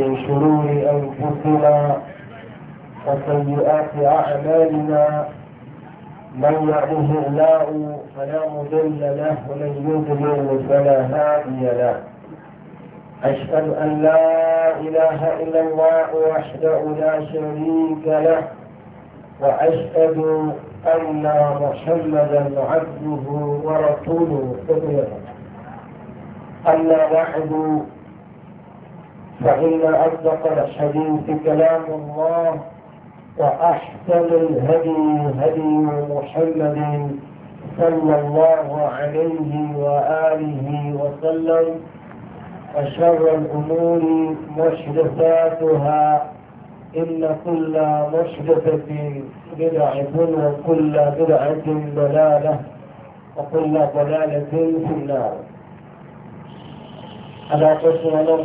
من شرور أنفسنا وسيئات أعمالنا من يعده الله فلا مضل له ومن يضلل فلا هادي له أشهد أن لا إله إلا الله وحده لا شريك له وأشهد أن محمدا عبده ورسوله أما بعد فإن أصدق الحديث كلام الله وأحسن الهدي هدي محمد صلى الله عليه وآله وسلم وشر الأمور مشرفاتها إن كل مشرفة بدعة وكل بدعة ضلالة وكل ضلالة في النار. على قسم الأرض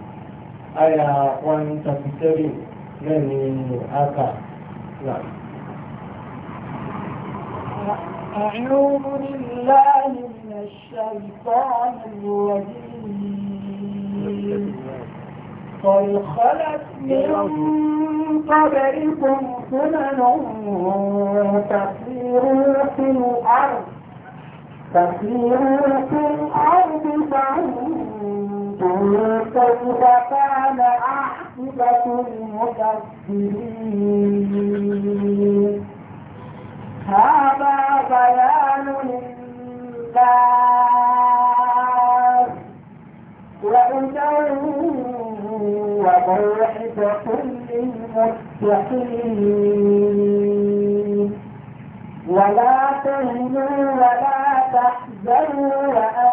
àyà آية one thirty seven náà ni àkà أعوذ بالله من الشيطان الرجيم قد خلت من قبلكم سنن تسيروا في الأرض تسيروا في الأرض فانظروا كيف كان عاقبة المكذبين هذا بيان للناس وهدى وموعظة للمتقين ولا تهنوا ولا تحزنوا وأنتم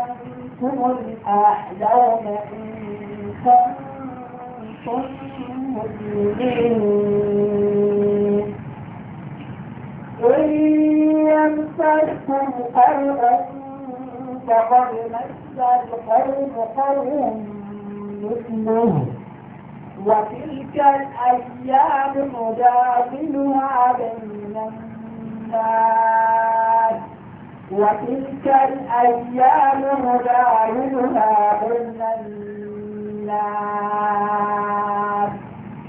هم الأعلون إن كنتم مؤمنين إن يمسكم قرأ فقد مس القوم قوم مثله وتلك الأيام نداولها بين الناس وتلك الأيام نداولها بين الناس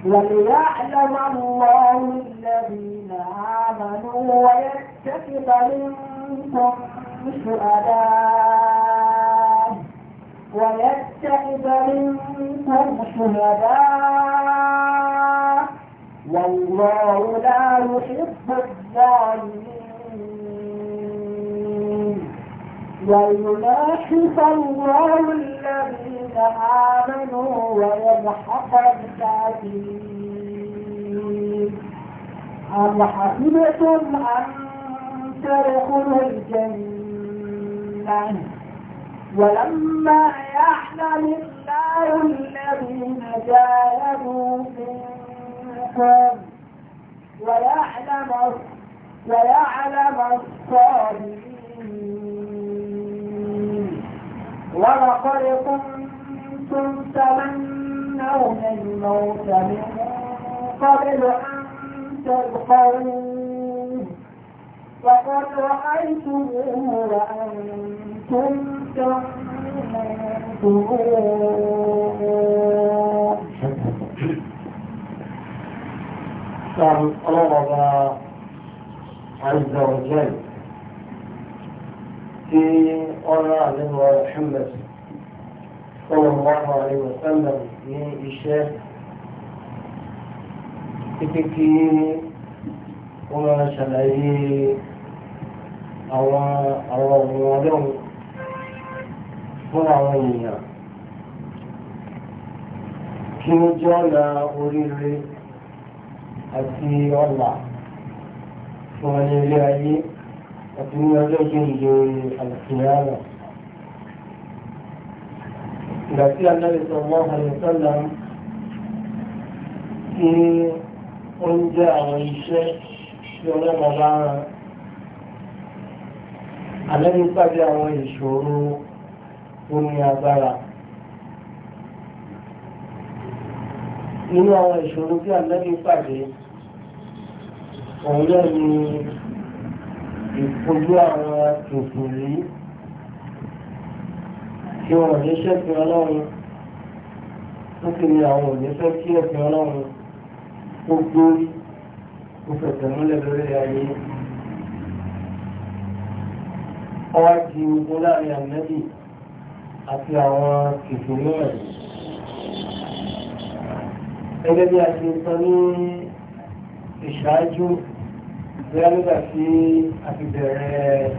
وليعلم الله الذين آمنوا ويتخذ منكم شهداء ويتخذ منكم شهداء والله لا يحب الظالمين ويلاحظ الله الذين آمنوا ويمحق الكافرين أم حسبتم أن تدخلوا الجنة ولما يعلم الله الذين جاهدوا منكم ويعلم ويعلم الصابرين ولقد كنتم تمنون الموت من قبل أن تلقوه وقد رأيتموه وأنتم تنظرون نسأل الله عز وجل في أولى من محمد sallallahu alaihi wasallam ní iṣẹ́ títí kí wọ́n máa ṣàlàyé àwọn àwọn ọ̀gbìn ọlọ́run fún àwọn èèyàn kí ó jẹ́ ọ̀nà oríire àti ọ̀là fún ọ̀nà ayé àti ní ọjọ́ kejì àlùfíà náà ìgbà tí anábì sallallahu alaihi wasallam kí ó ń jẹ́ àwọn iṣẹ́ tí ọlọ́mọ bá rán anábì pàdé àwọn ìṣòro tó ní agbára nínú àwọn ìṣòro tí anábì pàdé òun náà ni ìfojú àwọn ìfòrí tí wọn ò ní ṣẹ́fin ọlọ́run wọ́n sì ní àwọn òní fẹ́ kí ẹ̀sìn ọlọ́run ó gbórí ó fẹsẹ̀ múlẹ̀ lórí ayé ọwá di ogun láàrin àmẹ́bì àti àwọn kìkì náà gẹ́gẹ́ bí a ti sọ ní ìṣáájú bí a nígbà tí a ti bẹ̀rẹ̀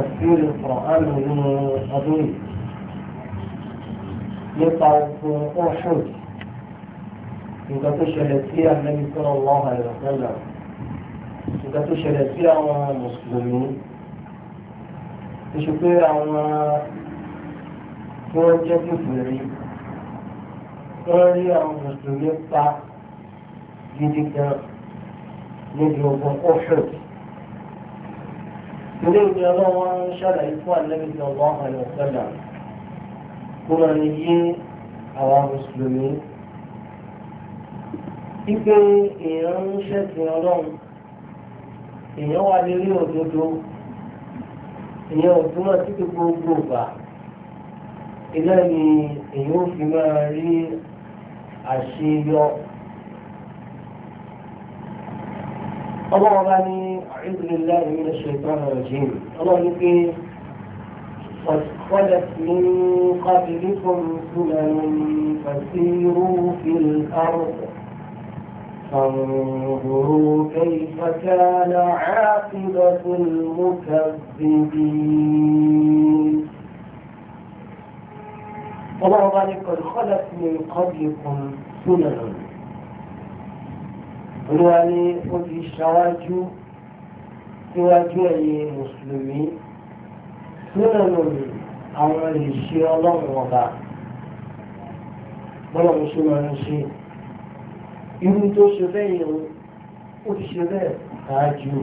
تفسير القرآن من أبيه يقع أحد إذا تشهد فيها النبي صلى الله عليه وسلم إذا تشهد فيها المسلمين تشكر على فرجة فريق قال يا المسلمين يقع جديد نجوم أحد ilé ìwé ọlọ́wọ́ ń ṣàlàyé fún àlẹ́bí ti ọgbọ́n àwọn ọ̀sẹ̀dà kó máa ní yé àwa mùsùlùmí. Ipe èèyàn ń ṣẹ̀sìn ọlọ́run, èèyàn wà lórí òdodo, èèyàn ò túmọ̀ sí gbogbo ìgbà. Ilé ni èèyàn ò fi máa rí àṣeyọ. ọlọ́wọ́ bá ní àìdùn ilé ìrìn lè ṣe ìtàn ọ̀rọ̀ jìn مِنْ قَبْلِكُمْ سُنَنٌ فَسِيرُوا فِي الْأَرْضِ فانظروا كيف كان عاقبة المكذبين الله قد خلت من قبلكم سنن olúwa ní ó ti ṣáwájú síwájú ẹ̀yin mùsùlùmí nínú lòlù àwọn ìṣe ọlọ́run ọba bọ́lá mi ṣe máa ń ṣe irú tó ṣe bẹ́ẹ̀ yẹn ó ti ṣe bẹ́ẹ̀ ṣáájú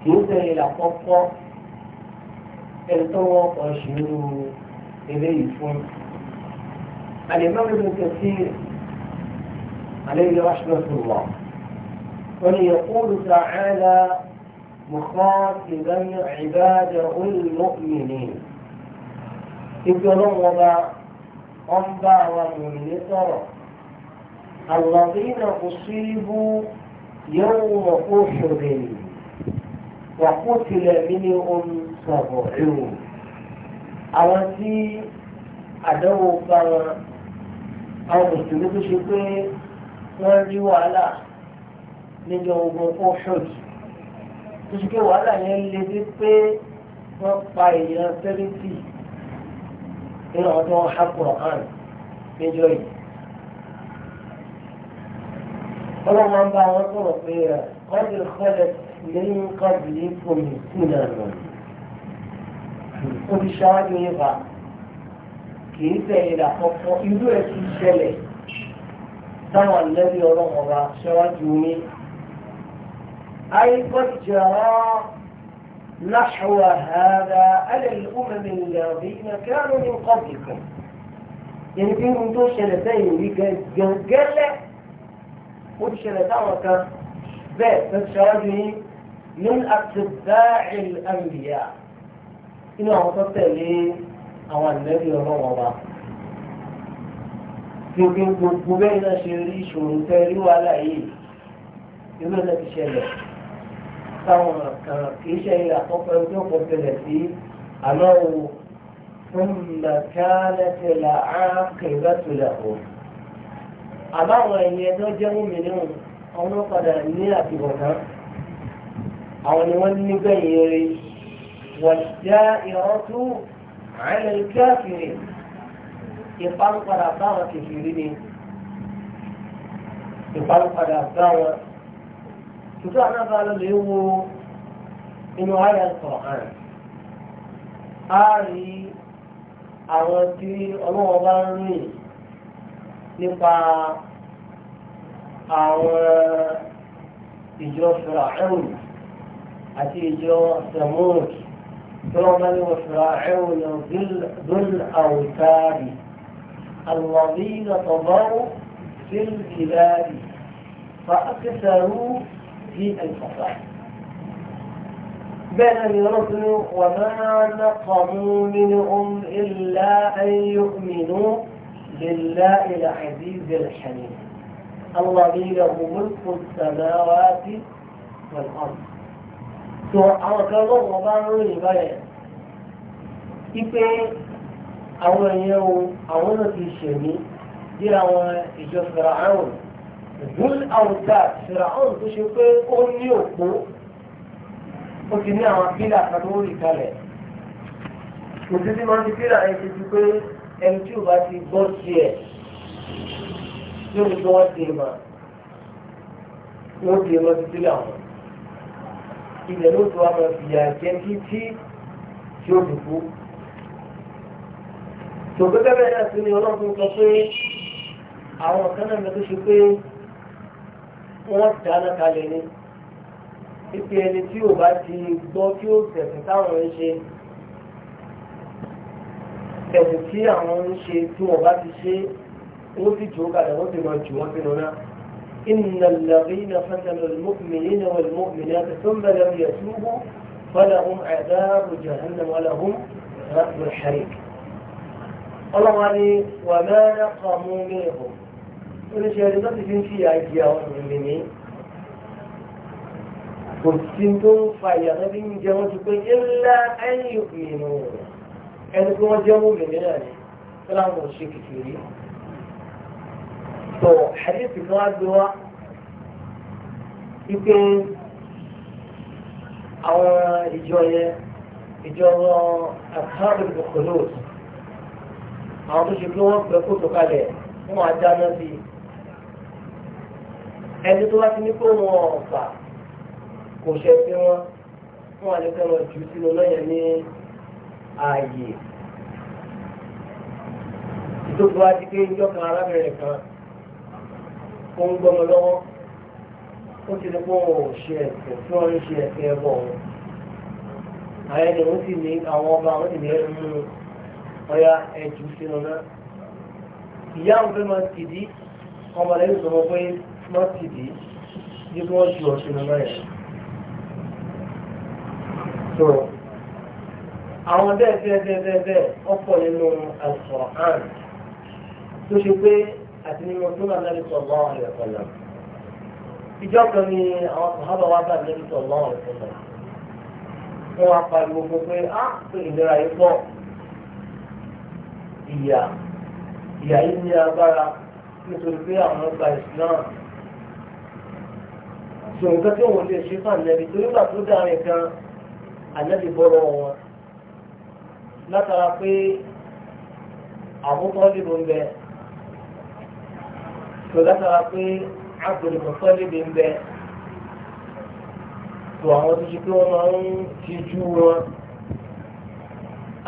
kì í tẹ̀lé àkọ́kọ́ ẹni tó wọ́n kọ́ ṣe irú eléyìí fún àlè máa ń lò kẹsí àlè ìlú aṣọ tó wọ̀. وليقول تعالى مخاطبا عباده المؤمنين يقولون أنبع ومؤمن الذين أصيبوا يوم أحد وقتل منهم سبعون أوتي أدوك أو مسلمين شكوى wọ́n rí wàhálà níjọ ogun Uhud tó ṣe pé wàhálà yẹn lè dé pé wọ́n pa èèyàn sẹ́rẹ́tì nínú àwọn tí wọ́n há Kùránì níjọ yìí. ọlọ́run máa ń bá wọn sọ̀rọ̀ pé kọ́ńtì kọ́lẹ̀ lẹ́yìn kọ́ńtì yìí kò ní ó ti ṣáájú yín fa kìí tẹ̀yìn àkọ́kọ́ irú ẹ̀ ti ṣẹlẹ̀ táwọn àlẹ́bí ọlọ́run ọba ṣáájú yín. أي قد جرى نحو هذا على الأمم الذين كانوا من قبلكم يعني في منذ سنتين يعني قال قد سنتين بيت فشاجه من أتباع الأنبياء إنه وصلت لي أو النبي رمضان يمكن بين شريش ومتالي ولا إيه يقول لك táwọn kan kì í ṣe àkọ́kọ́ ẹni tó kọ́ tẹ̀lẹ̀ sí àmọ́ o fún mẹkánẹ́tì là á kẹ̀gbẹ́ tó lẹ̀ o. àbáwọn ẹ̀yẹ tó jẹ́ wúmi ní wọn àwọn ló padà ní àtìbọ̀tán àwọn ni wọ́n ní gbẹ̀yìn eré wọ́n já ìrọ́tú àìlè káàkiri ìpalùpadà báwọn kìkìrì ni ìpalùpadà báwọn tòtò àná bá lọ lè wo inú ayé Al-Qur'an á rí àwọn tí ọlọ́wọ́ bá ń rìn nípa àwọn ìjọ fìrà ẹ̀rù àti ìjọ sẹ̀mọ́ọ̀kì tó wọ́n bá ní wọ́n fìrà ẹ̀rù yẹn dúl àwùtáàrí الذين طغوا في البلاد فأكثروا الفساد بين رسل وما نقموا منهم إلا أن يؤمنوا بالله العزيز الحميد الذي له ملك السماوات والأرض àwọn kan lọ́wọ́ bá ń ròyìn báyẹn àwọn èèyàn o àwọn náà ti ṣèmí bí àwọn ìjọ fẹ̀rẹ̀ àrùn zul awdad fìràhùn tó ṣe pé ó ní òpó ó ti ní àwọn pílà kan tó rí kalẹ̀ òtún tí wọ́n ti pílà yẹn ti di pé ẹni tí ò bá ti gbọ́ tiẹ̀ lórí tí wọ́n ti mọ̀ wọ́n ti lọ sí pílà wọn ilẹ̀ ló tó wá máa fìyà jẹ́ kí tí tí ó dùn fún náà tún ni ọlọ́run sọ pé àwọn kan náà mẹ́tò ṣe pé wọ́n dáná kalẹ̀ ni pípé ẹni tí ò bá ti gbọ́ kí ó tẹ̀sìn táwọn ń ṣe ẹ̀sìn tí àwọn ń ṣe tí wọ́n bá ti ṣe wọ́n sì jù ú kalẹ̀ wọ́n sì máa jù wọ́n sínú náà. إن الذين فتنوا المؤمنين والمؤمنات ثم لم يتوبوا فلهم عذاب جهنم ولهم رأس الحريق. الله عليه وما نقموا منهم oníṣẹ́ ẹni tó ti fi ń fi àjẹ àwọn ènìyàn ní kò sí tó ń fa ìyàtọ̀ bí ń jẹ wọ́n ti pé ńlá ẹ̀yìn ìrìnà ẹni tí wọ́n jẹ́ mú mi nílẹ̀ ni tó láwọn ò ṣe kékeré tó àdéhùn kan ẹni tó bá ti ní kó wọn ọ̀fà kò ṣe fi wọn fún àlékẹ́ wọn jù sínú lọ́yẹ̀ ní ààyè ìtòkùn wa ti pé ìjọ kan arábìnrin kan ó ń gbọmọ lọ́wọ́ ó ti ní kó wọn ò ṣe ẹ̀sìn tí wọ́n ń ṣe ẹ̀sìn ẹ̀bọ̀ wọn àwọn ẹni wọ́n sì ní àwọn ọba wọ́n sì ní ẹ̀rù mú ọya ẹ̀jù sínú náà ìyá òun fẹ́ máa ti dí ọmọ lẹ́yìn sọ̀rọ̀ pé mọ́tìdì ní you want your cinema. lọ yẹn. so àwọn bẹ́ẹ̀ bẹ́ẹ̀ bẹ́ẹ̀ bẹ́ẹ̀ bẹ́ẹ̀ ọ̀pọ̀ nínú Al-Qur'an tó ṣe pé àti nínú tó wà lẹ́nu tó lọ́wọ́ àlẹ́ ọ̀pọ̀lọ́. ìjọ kan ni àwọn sàhábà wá bá lẹ́nu tó lọ́wọ́ àlẹ́ ọ̀pọ̀lọ́. wọ́n wá pariwo fún pé á ìlera yìí pọ̀ ìyà ìyà yìí ní agbára nítorí pé àwọn ọgbà ìsìláàmù sọ nǹkan tí òun lè ṣe fún ànábì tó nígbà tó dá kan ànábì bọ́rọ̀ wọn látara pé àbúkọ́ lè ń bẹ sọ látara pé àgbèrèkọ̀tọ́ lè ń bẹ sọ àwọn tó ṣe pé wọ́n máa ń tijú wọn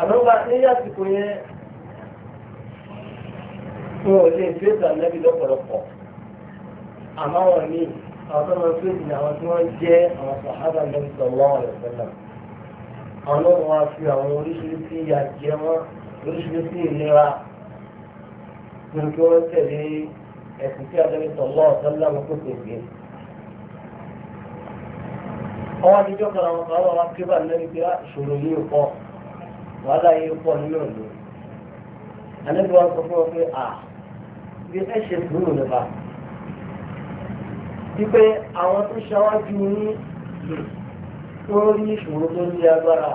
àmọ́gbà ní àsìkò yẹn wọn ò lè gbé ìtàn ànábì lọ́pọ̀lọpọ̀ àmọ́ wọn míì àwọn tó máa ń pèsè ní àwọn tí wọ́n jẹ́ àwọn sàhábà ní sọ̀rọ̀ ọ̀rẹ́ sẹ́lẹ̀ àwọn náà wọ́n á fi àwọn oríṣiríṣi ìyà jẹ wọ́n oríṣiríṣi ìlera nínú kí wọ́n tẹ̀lé ẹ̀sìn tí àjẹ́ sọ̀rọ̀ ọ̀rẹ́ sẹ́lẹ̀ wọn kò tẹ̀lé. ọwọ́ adijọ́ kan àwọn kan wọ́n wá ké bá lẹ́nu pé ah, ìṣòro yìí pọ̀ wàhálà yìí pọ̀ nínú ìlú. àlejò wa sọ fún wọn pé à ah, bí ẹ ṣe sùúrù nípa wípé àwọn tó ṣáwájú ní tó rí ìṣòro tó ní agbára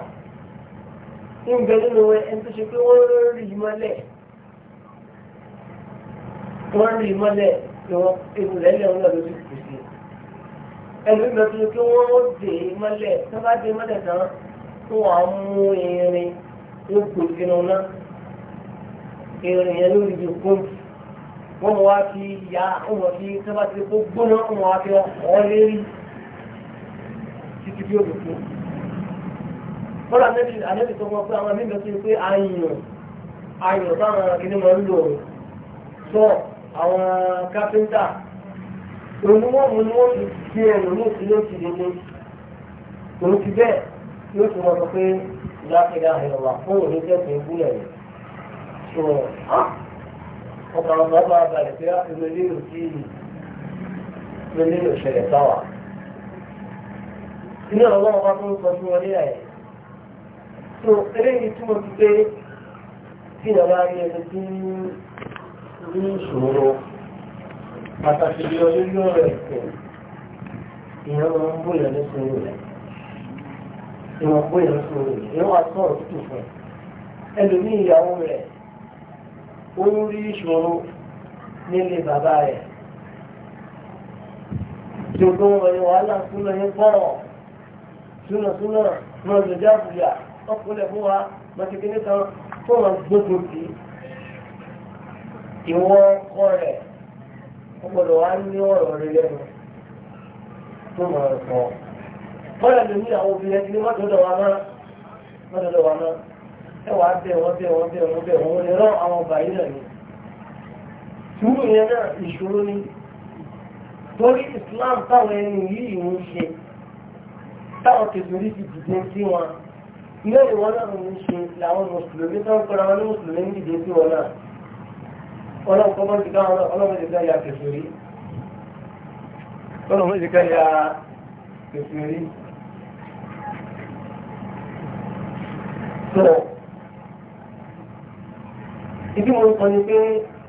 ń bẹ nínú ẹni tó ṣe pé wọ́n rí mọ́lẹ̀ wọ́n rí mọ́lẹ̀ ni wọ́n ewu lẹ́lẹ̀ wọn lọ́dún tó kù sí ẹni tó ṣe pé wọ́n dè mọ́lẹ̀ tó bá dé mọ́lẹ̀ tán tó wà mú irin ló kù náà irin yẹn ló rí ju kóńtù wọ́n mọ̀ wá fi ya ọmọ fi tí wọ́n bá ti kó gbóná ọmọ wá fi ọ̀ lérí títí bí olùkú. Bọ́lá Anẹ́bí Anẹ́bí tó mọ̀ pé àwọn mímọ̀ sí pé ayùn ayùn táwọn akíní máa ń lò sọ àwọn kápẹ́ńtà onímọ̀mù ni wọ́n ti fi ẹ̀rọ ní òsì ló ti délé. Òun ti bẹ́ẹ̀ yóò ti mọ̀ sọ pé ìdákẹ́dá ẹ̀rọ wà fún òní tẹ̀sán ìbúlẹ̀ rẹ̀. Ah! ọkàn ọmọ ọba balẹ̀ pé inú ilé yóò kí inú ilé yóò ṣẹlẹ̀ sáwà. inú ọ̀rọ̀ ọba tó ń sọ fún wọn nílẹ̀ yẹn. tó eléyìí túmọ̀ sí pé kí ni ọba rí ẹni tí ní ìṣòro pàtàkì bí ọdún yóò rẹ̀ kù ìyẹn máa ń bóyá ní sùúrù rẹ̀ ìwọ̀n bóyá ní sùúrù ó ìṣòro nílé bàbá rẹ̀ tí o wàhálà súnà ní gbọ́rọ̀ súnà súnà náà lè já àbúyà ọkùnrin fún wa màtìkì níta tó wọn gbógun sí ìwọ ọkọ rẹ̀ ó gbọ́dọ̀ ní ọ̀rọ̀ rẹ̀ lẹ́nu tó máa ń sọ. kọ́lá lè ní àwọn obìnrin ẹni ní mọ́tò dọ̀wà náà mọ́tò dọ̀wà náà ẹwà bẹ wọn bẹ wọn bẹ wọn bẹ wọn lè rán àwọn ọba yìí náà ni sùúrù yẹn náà ìṣòro ni torí Islam táwọn ẹni yìí ń ṣe táwọn kẹsìrì ti dìde sí wọn ilé ìwọ náà ń ṣe làwọn mùsùlùmí tó ń kọ́ra wọn ní mùsùlùmí ń dìde sí wọn náà ọlọ́run kọ́ máa ń dìgbà wọn ọlọ́run dìgbà ya kẹsìrì ọlọ́run dìgbà ya kẹsìrì ibi mo ń sọ ni pé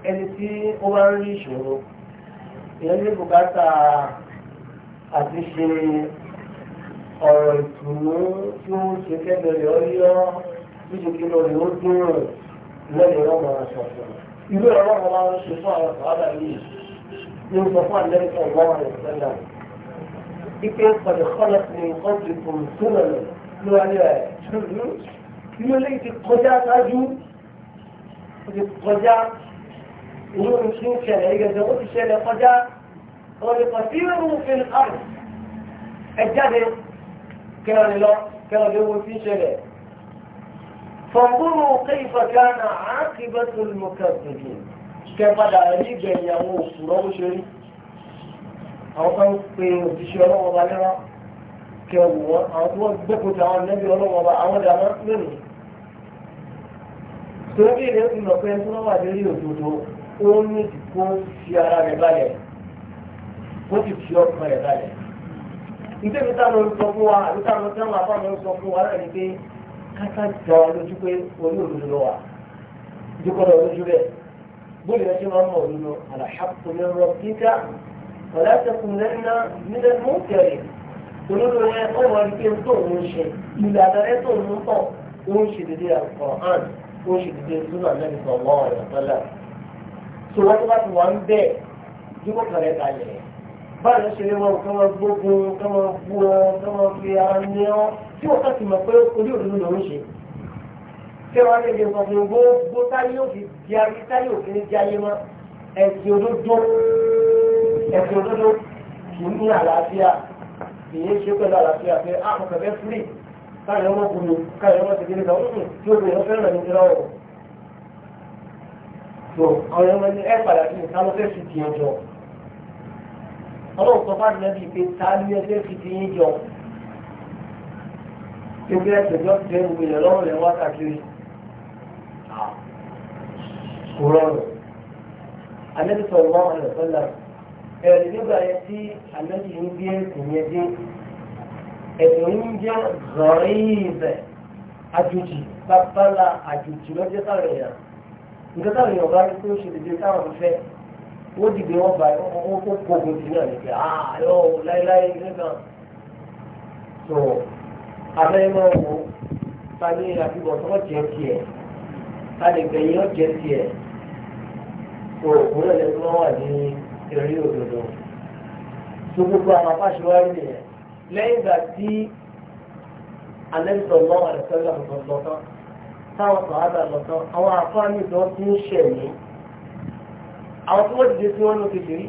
ẹni tí ó bá ń rí ìṣòro ìyẹn ní bùkátà àti ṣe ọ̀rọ̀ ìtùnú tí ó ṣe kẹ́bẹ̀rẹ̀ ọyọ́ bí ṣe kílọ̀ rẹ̀ ó dúró lẹ́yìn ọmọ ṣọ̀tún. ìlú ẹ̀rọ ọmọ máa ń ṣe fún àwọn sọ̀rọ̀ yìí ní sọ fún àlẹ́kọ̀ọ́ ọgbọ́n rẹ̀ sẹ́lẹ̀. ipe pẹ̀lú kọ́lọ̀ ti ní ẹ̀ ṣùgbọ́n ilé ti kọjá ó ti kọjá inú mi ti ń ṣẹlẹ̀ yìí gẹ̀gẹ̀ ó ti ṣẹlẹ̀ kọjá ó ní kọ̀ sí irú fi ń kárù ẹ jáde kẹrọ ni lọ kẹrọ ni wo ti ń ṣẹlẹ̀ fọ̀nkúrú kéyìfà gánà àákìbẹ́tò lùmọ̀kẹ́sìkì kẹ padà rí ìgbẹ̀yìn àwọn òkúrọ̀ ó ṣe rí àwọn kan pe òṣìṣẹ́ ọlọ́wọ́ balẹ̀ wọn kẹ wò wọn àwọn tí wọ́n torí rẹ̀ ó fi mọ̀ pé tó wà lórí òdodo ó ní kó fi ara rẹ̀ balẹ̀ kó sì fi ọkàn rẹ̀ balẹ̀. Ìdí mi táwọn ń sọ fún wa àbí táwọn tí wọ́n àpamọ́ ń sọ fún wa láì ní pé káká jọ lójú pé orí òdodo lọ wà. Dúkọ́dọ̀ lójú rẹ̀ bóyá ẹ ṣe máa ń mọ̀ òdodo àlàḥàkùn ní ọ̀rọ̀ kíkà ọ̀là tẹkùn lẹ́nà nílẹ̀ mú kẹrì. Olódò yẹn ó wọ ike tó òun ṣe ìlànà rẹ̀ tó òun tọ̀ òun ṣe dédé àkọ́ àná ó sì ti dé súnà lẹ́nu sọ̀wọ́ ọ̀rọ̀ tọ́lá tó wọ́n tó bá ti wà ń bẹ̀ dúró kẹrẹ kalẹ̀ báyìí ló ṣe lé wọn kí wọ́n gbógun kí wọ́n bú ọ kí wọ́n fi ara ní ọ tí wọ́n kà mọ̀ pé orí òdodo lòún ṣe kí wọ́n lè lè sọ pé gbogbo táyé òfin di ayé táyé òfin di ayé mọ́ ẹ̀sìn òdodo ẹ̀sìn òdodo kì í ní àlàáfíà kì í ṣe pẹ̀lú àlàáfíà pé àkọkọ̀ bẹ́ẹ̀ fúrì káyọ̀ wọn kùnú káyọ̀ wọn tẹ̀lé lọ tí obìnrin wọn fẹ́ràn ní ìlọ́wọ́. tó àwọn ọmọ ẹni ẹ padà sí nǹkan ló fẹ́ fi ti yẹn jọ. ọlọ́run sọ fún àdìyẹ bíi pé ta ni ẹ fẹ́ fi ti yẹn jọ. ebi ẹ tẹ̀jọ́ ti dẹ́nu gbìyànjú lọ́rùn rẹ̀ wá káàkiri. kò rọrùn. àlẹ́ bí sọ̀rọ̀ máa ń rẹ̀ sọ́lá. ẹ̀rọ ìdígbà yẹn tí àlẹ́ yìí ń gbé ẹ̀sìn yẹn dé ẹ̀sùn yìí ń jẹ́ zọ̀rìnzẹ̀ àjòjì pápálá àjòjì lọ́jọ́ táwọn èèyàn nǹkan táwọn èèyàn bá rí pé ó ṣe lè dé táwọn fẹ́ wọ́n dìde wọn bá wọn kó kóògùn sí náà nìkẹ́ ààyò ah, láéláé nìkan tó abẹ́rẹ́ máa wò ta ní àbíbọ̀ tó wọ́n jẹ́ tiẹ̀ ta lè gbẹ̀yìn ọ́ jẹ́ tiẹ̀ tó òkúrẹ́ lẹ́nu wà ní eré òdodo tó gbogbo àwọn apáṣẹ nìyẹn lẹ́yìn ìgbà tí alẹ́sọ̀ lọ́wọ́ àdìsẹ́lẹ̀ ọ̀tọ̀ lọ́tọ́ táwọn sọ̀rọ̀ lọ́tọ́ àwọn afáàní tó ti ń ṣẹ̀mí àwọn tí wọ́n ti dé sí wọn lókè lérí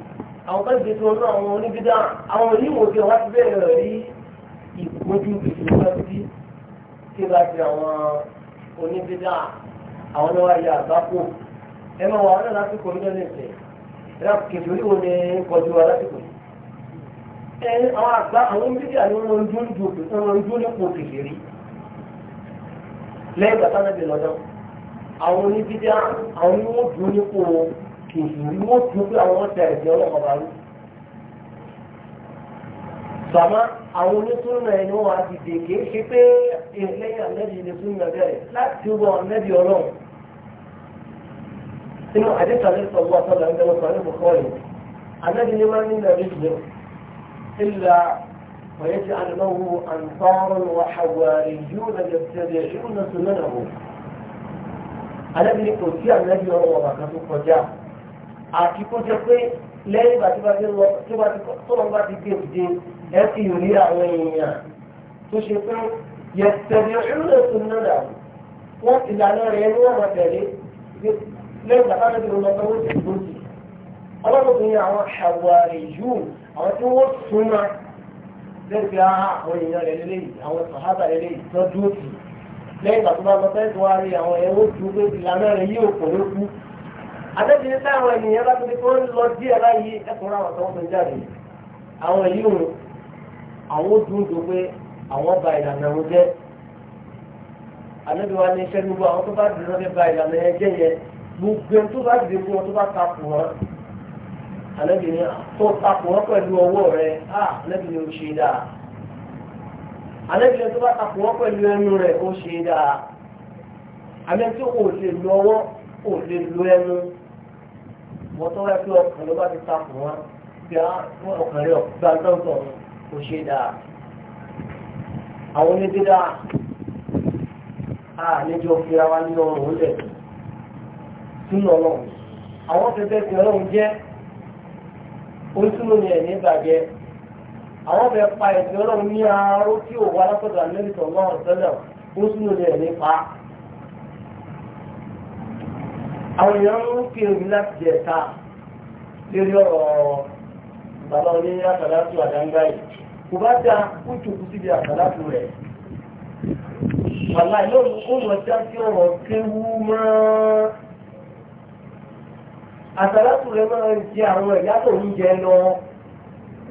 àwọn kan dé sí wọn náà àwọn oníbídà àwọn oníwò tí wọ́n ti bẹ̀rẹ̀ rí ìgbójú ìṣèlú tí bá ti àwọn oníbídà àwọn lọ́wọ́ ayé àgbákò ẹ máa wà wọn náà lásìkò nílẹ̀ nìṣẹ́ ẹ wo ni kọjú wa lásìkò yìí ẹni àwọn àgbà àwọn bíbí àni wọn ń dún ju òkè wọn ń dún nípò òkèlè rí lẹ́yìn bàtà náà bẹ̀rẹ̀ lọ́dọ̀ àwọn oníbíbí àwọn ni wọ́n dún nípò òkèlè rí wọ́n dún pé àwọn ọ̀tẹ̀ ẹ̀jẹ̀ ọlọ́kọ̀ bá rú. bàmá àwọn onítúnú ẹni wọn á dìde kìí ṣe pé lẹ́yìn àlẹ́bí ni túnú ẹgbẹ́ láti wọ àlẹ́bí ọlọ́run inú àdéhùn àlẹ́ sọ̀rọ̀ àtọ́lá ẹgbẹ́ wọn إلا ويجعل له أنصارا وحواريون يتبعون سننه alábìnrin kò sí ànábì ọ̀rọ̀ ọ̀rọ̀ kan tó kọjá àti kó jẹ pé lẹ́yìn ìgbà tí bá ti lọ tí bá ti tọ́lọ́ bá ti dé òde ẹ sì rí àwọn èèyàn tó ṣe pé yẹtẹ̀lẹ̀ orílẹ̀-èdè náà dà wọ́n ìlànà rẹ̀ ní wọ́n máa tẹ̀lé ìgbà tí wọ́n ti lọ sọ́wọ́ ìdìbò sí ọlọ́dún tó yẹ àwọn àwàrí yìí àwọn tí wọ́n súnmọ́ lẹ́yìn pé ah, àwọn èèyàn rẹ̀ lélẹ́yìí àwọn sàhábà lélẹ́yìí tó dúró tì lẹ́yìn ìgbà tó bá lọ fẹ́ẹ́ wá rí àwọn ẹ̀wọ́ ju pé ìlànà rẹ̀ yóò kò ló kú. àtẹ́bìrì táwọn ènìyàn bá tóbi tó ń lọ díẹ̀ láyé àwọn tó ń jáde àwọn èyí àwọn dùn pé àwọn ba ìlànà wọn jẹ́ ànábì tó takò pẹ̀lú ọwọ́ rẹ̀ á ànábì ní ṣe dáa ànábì tó bá takò pẹ̀lú ẹnu rẹ̀ ó ṣe dáa àmì tí o lè lo ọwọ́ o lè lo ẹnu wọ́n rẹ̀ pé ọkàn ló bá ti takò wọ́n bí ọkàn rẹ̀ ọ̀gbà dọ́ńtọ̀ ó ṣe dáa àwọn onídídá àlejò fira wa nínú ọrùn lẹ̀ sínú ọlọ́run àwọn tẹ́tẹ́ tí ọlọ́run jẹ́ oṣù ní ẹ̀ ní ìbàjẹ́ àwọn ọbẹ̀ pa ẹ̀sìn ọlọ́run ní aró tí ò wá látọ̀dọ̀ àmẹ́rìkà ọlọ́run sẹ́lẹ̀ oṣù ní ẹ̀ ní pa. àwọn èèyàn ń fi èmi láti jẹ ta lórí ọ̀rọ̀ bàbá oní àtàlátù àdáńgá yìí kò bá dáa kó jòkó síbi àtàlátù rẹ̀ wàláì lóòrùn kó mọ̀ sí àti ọ̀rọ̀ kéwú mọ́ àtàlátù rẹ máa ń jẹ àwọn ẹ̀yà tó ń jẹ lọ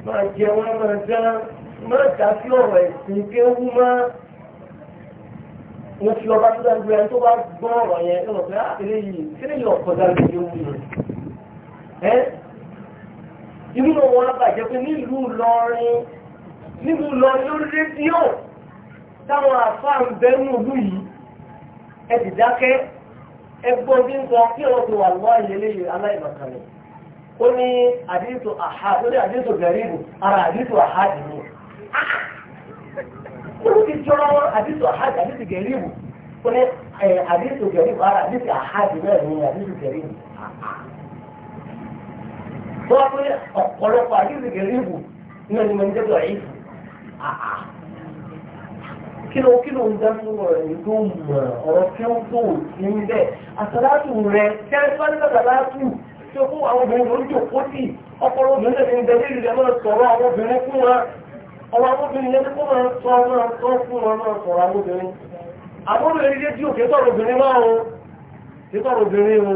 máa jẹ wọn máa dán máa dá sí ọ̀rọ̀ ẹ̀sìn kéwú máa mo fi ọba tó dájú ẹni tó bá gbọ́ ọ̀rọ̀ yẹn lọ́nà pé àtẹlẹ́ ah, yìí kílẹ̀ yìí ọ̀pọ̀ dájú ẹni wù mí. ẹ inú náà wọn bàjẹ́ pé nílùú lọrin nílùú lọrin lórí rédíò táwọn àfáà ń bẹ́nu ìlú yìí ẹ ti dákẹ́ ẹgbọ́n bí ń sọ kí ọ̀rọ̀ ti wà lọ́wọ́ ìlélẹ́ aláìmọ̀kànnì ó ní àdínsù àhádì ó ní àdínsù gẹ̀rìbù ara àdínsù àhádì ni ó ti jọra wọn àdínsù àhádì àdínsù gẹ̀rìbù ó ní àdínsù gẹ̀rìbù ara àdínsù àhádì náà ni àdínsù gẹ̀rìbù wọ́n á pé ọ̀pọ̀lọpọ̀ àdínsù gẹ̀rìbù ní ẹni mọ̀ ní jẹ́ kí ló kí ló ń dá fún ìlú ọ̀rọ̀ tí ó tó ní bẹ́ẹ̀ àsàlátù rẹ kẹrẹsì wọn ní àsàlátù tí ó fún àwọn obìnrin ló ń jòkó sí ọpọlọ obìnrin lẹ́nu ìgbẹ́ lórí rẹ máa sọ̀rọ̀ àwọn obìnrin fún wọn ọmọ àwọn obìnrin lẹ́nu kó máa sọ máa sọ fún wọn máa sọ̀rọ̀ àwọn obìnrin àwọn obìnrin lé tí òkè sọ̀rọ̀ obìnrin máa o kì sọ̀rọ̀ obìnrin o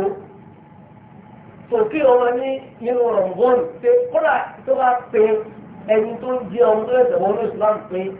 tòkí ọmọ ní nínú rọ̀mùbọ́ọ̀lù pé kódà tó bá pe ẹni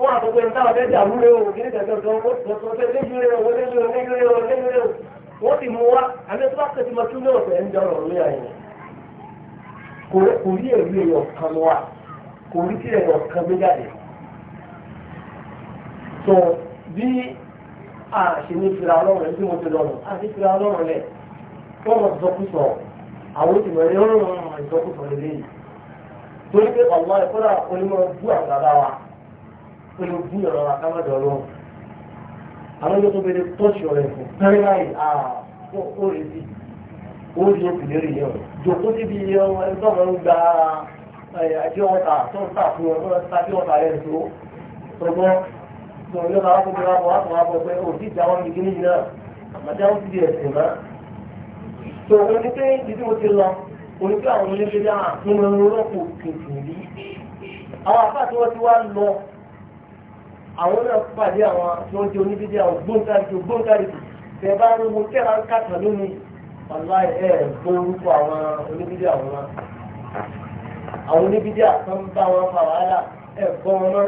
wọ́n àtọ́gbẹ́ ní táwọn tẹ́jà múlé o kí ní tẹ̀sán tó ó sọ sọ pé léjúlé o léjúlé o léjúlé o léjúlé o wọ́n ti mú wa àmì tó bá tẹ̀sí ma tún lọ́wọ́ tẹ̀ ń jọ ọ̀rọ̀ lóyà yẹn. kò rí èrú èèyàn kan wa kò rí sí èèyàn kan gbé jáde. sọ bí a ṣe ní fira ọlọ́run rẹ bí mo ti lọ́rùn a ti fira ọlọ́run rẹ wọ́n mọ̀ ìsọkúsọ àwọn ti mọ̀ ẹ̀rọ ìsọkúsọ lélẹ́yìn torí pé ọ̀gbọ́n ẹ̀kọ́ pẹ̀lú bí ọ̀rọ̀ àkámọ́dọ̀ ọlọ́run àwọn ọjọ́ tó bẹ̀rẹ̀ tọ́ọ̀ṣì ọ̀rẹ́ fún pẹ́rẹ́ báyìí ó rè sí ó rí òkú lérí yẹn jòkó síbi ẹni tó máa ń gba ẹjọ́ ọ̀tà tó ń tà fún ọ tó ń ta bí ọ̀tà rẹ̀ tó tọgbọ́n tó ń yọba wákò bíra bọ̀ wákò wákò pé òbí ìjáwọ́ mi kí nìyí náà àmàdé àwọn ti di ẹ̀sìn náà tó o ní pé ìdí mo ti lọ o ní pé àwọn oníṣẹ́ dáhà nínú ọlọ́pù kìkì rí àwọn àfáà tí wọ́n ti wá lọ àwọn náà pàdé àwọn tí wọ́n jẹ́ oníbídé àwọn gbóǹtarìkì gbóǹtarìkì tẹ̀ bá ń wo tẹ́ra ń kàtà lónìí wàláì ẹ̀ gbórúkọ àwọn oníbídé àwọn náà àwọn oníbídé àkàn bá wọn fa wàhálà ẹ̀ gbọ́ wọn mọ́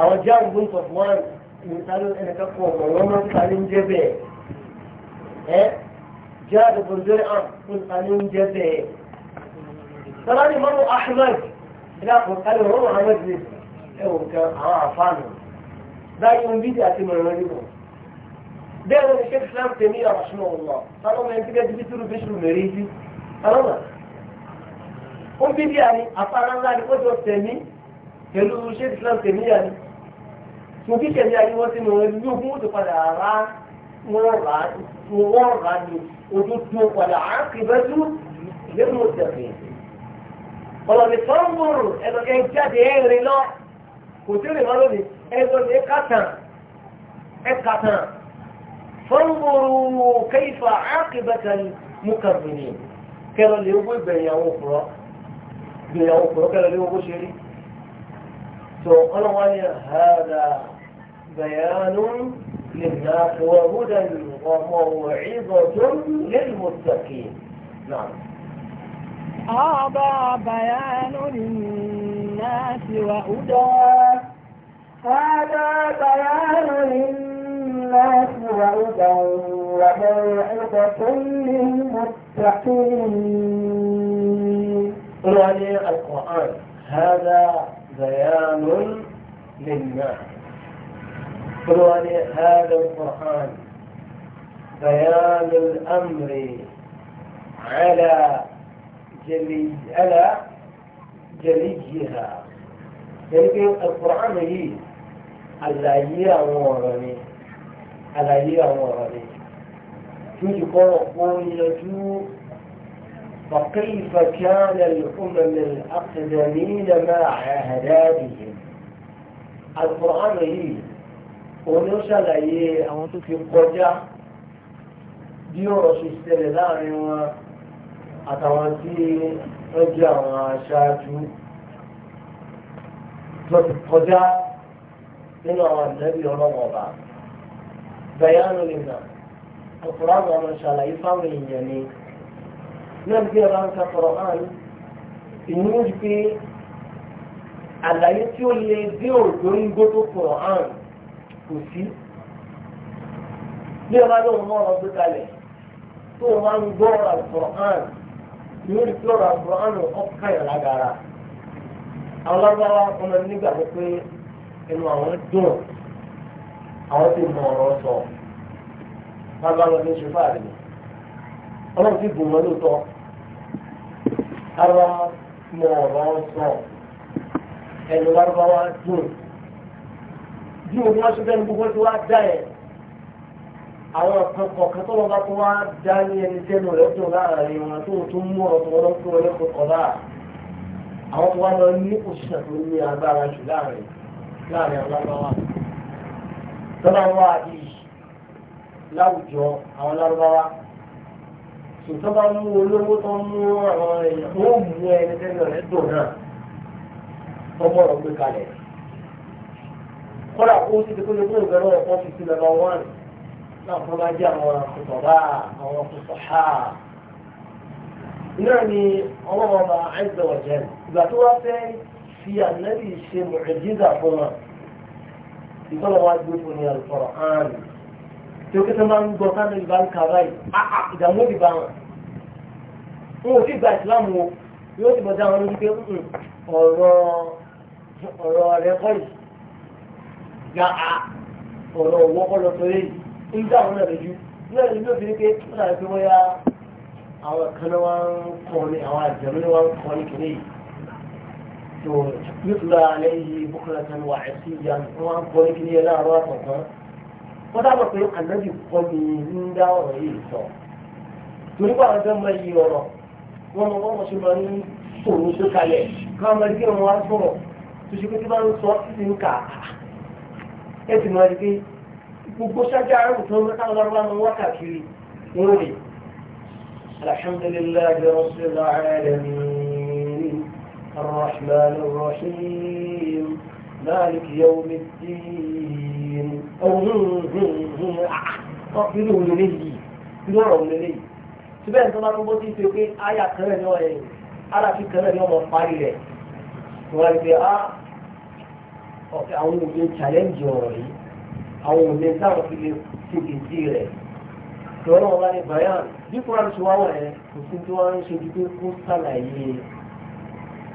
àwọn jáàmù ń sọ̀tún wọn ìrìnsálò ẹnìkan kọ̀ ọ̀mọ̀ wọn mọ́ nípa ní ń bẹ́ẹ̀ ẹ́ jáàdù bòndórì àn nípa ń jẹ́ bẹ́ẹ̀. sọlá ni ẹ̀wọ̀n kan àwọn àfáànù báyìí ń bídí àti mọ̀ràn nínú bẹ́ẹ̀ ló ní ṣe Islam tèmi àṣùnà ọ̀nà sálọ́mọ ẹni tí kẹ́ẹ́ ti túrú bíṣù mẹ́rin sí sálọ́mọ ó ń bídí àní àfáànà ńlá ni ó jọ tẹ̀mí pẹ̀lú ṣe Islam tèmi àní mo kí tẹ̀mí àní wọ́n ti mọ̀ràn ní ogún ó ti padà rà wọ́n rà wọ́n rà ní ojú tó padà á kì bẹ́tú lẹ́nu ọ̀tẹ̀fẹ̀ ọ̀nà ìfọ̀nbùrù ẹ̀lọ́kẹ́ jáde ẹ̀rin lọ kò tí ó lè wá lónìí ẹjọ́ ni ẹ̀kátàn ẹ̀kátàn fọ́nbùrù kẹfà ákìbẹ̀kẹ̀ mùkàbìnì kẹlọ lè owó ìgbẹ̀yàwó òkúrọ̀ ìgbẹ̀yàwó òkúrọ̀ kẹlọ lè owó ṣe rí tó ọlọ́wọ́ ni hàdà bẹ̀yànú lè nà wọ̀húdà ọmọ ìbọ̀tún هذا بيان للناس وهدى هذا بيان للناس وهدى وموعظة للمتقين يعني القرآن هذا بيان للناس يعني هذا القرآن بيان الأمر على جميع على jẹ̀líjìhà yẹn pé Al-Qur'an yìí àlàyé àwọn ọ̀rọ̀ ni àlàyé àwọn ọ̀rọ̀ ni tí ó ti kọ́ ọ̀pọ̀ yanjú فكيف كان الأمم الأقدمين مع عهدائهم القرآن yìí òun ṣàlàyé àwọn tó fi kọjá bí ọ̀rọ̀ ṣe ṣẹlẹ̀ láàrin wọn àtàwọn tí wọ́n jẹ́ àwọn aṣáájú tó ti kọjá nínú àwọn ànábì ọlọ́wọ́ ọba bayanu lè nà ọ̀pọ̀lọpọ̀ àwọn ọmọ ṣàlàyé fáwọn èèyàn ni náà bí ọba ń ka Qur'an ìyẹn ó di pé àlàyé tí ó lè dé òdo ń gbótó Qur'an kò sí bí ọba lóun mọ̀ ọ́ gbé kalẹ̀ tó o máa ń gbọ́ Al-Qur'an. yóò rí flora alukóran ọkàn yàrá gara àwọn lágbára ọmọ nígbà tó pé ẹnu àwọn sọ lágbára ní ṣe fáàrí ọlọ́run ti bùn wọn lóòótọ́ ara sọ àwọn ọ̀kan kọ̀ọ̀kan tó lọ́ba tó wá dá ní ẹni tẹ́nu rẹ̀ dùn láàrin wọn tó tó mú ọ̀rọ̀ tó wọ́n tó wọlé kó kọ̀ báà àwọn tó wá lọ ní òṣìṣẹ́ tó ní agbára jù láàrin láàrin ọlọ́lọ́wà tọ́láwọ́ àdì láwùjọ àwọn lárúbáwá ṣùgbọ́n bá mú olówó tó mú àwọn èèyàn ó mú ẹni tẹ́nu rẹ̀ dùn náà ọmọ ọ̀rọ̀ gbé kalẹ̀ kọ́lá kó ti di kó lè kó ìbẹ̀rẹ̀ ọ̀pọ̀ fi sílẹ̀ lọ́wọ́ àná náà tó bá jẹ́ àwọn kòtòbá àwọn kòtòhá náà ni ọlọ́wọ́ ọba azza wa jalla ìgbà tó wá fẹ́ fi ànábì ṣe mùjìzà fún wọn ìtọ́lọ̀ wá gbé fún ní Al-Qur'an tí ó kẹ́tọ́ máa ń gbọ́ sáré ìbá ń kà báyìí ìdààmú ìbá wọn wọn ò sì gba ìsìlámù o yóò ti bọ̀ dáhùn lórí ọ̀rọ̀ ọ̀rọ̀ rẹ̀ kọ́ yìí gba ah, ọ̀rọ̀ òwò kọ́ lọ sọ yìí ń dá àwọn náà lójú náà ní ló fi ní pé ó dàbí pé wọ́n yá àwọn kaná wá ń kọ́ ni àwọn àjẹmọ́ ni wọ́n ń kọ́ ni kìíní yìí tó yóò alẹ́ yìí bukura kan wà ẹ̀sì ìyá wọ́n ń kọ́ ni kìíní yẹn láàárọ̀ àtọ̀kan wọ́n dábàá pé ànábì kọ́ mi ń dá ọ̀rọ̀ yìí sọ torí pé àwọn fẹ́ mọ iye ọ̀rọ̀ wọ́n mọ wọ́n mọ̀ ṣe máa ń sòrò tó kalẹ̀ káwọn máa dikẹ́ gbogbo sájà arẹ́wù tó ń káwọn lọ́rọ́ wọn wákàtí wọn rè alhamdulillahi rabbil alamin arrahman arrahim malik yawmiddin ọ̀hún irú òun lè yìí irú ọ̀rọ̀ òun lè yìí síbẹ̀ nítorí wọn bó ti ṣe pé àyà kan rẹ̀ ní ọ̀rẹ́ yìí aláfi kan rẹ̀ ní ọmọ parí rẹ̀ wọ́n á rí pé ah, àwọn òbí challenge ọ̀rọ̀ yìí àwọn òní táwọn fi lè tóbi sí rẹ̀ lọ́wọ́ wọn bá ní bayan bí kúrò ṣe wá wọ̀nyẹn kò sí tí wọ́n ń ṣe bí pé kó sàlàyé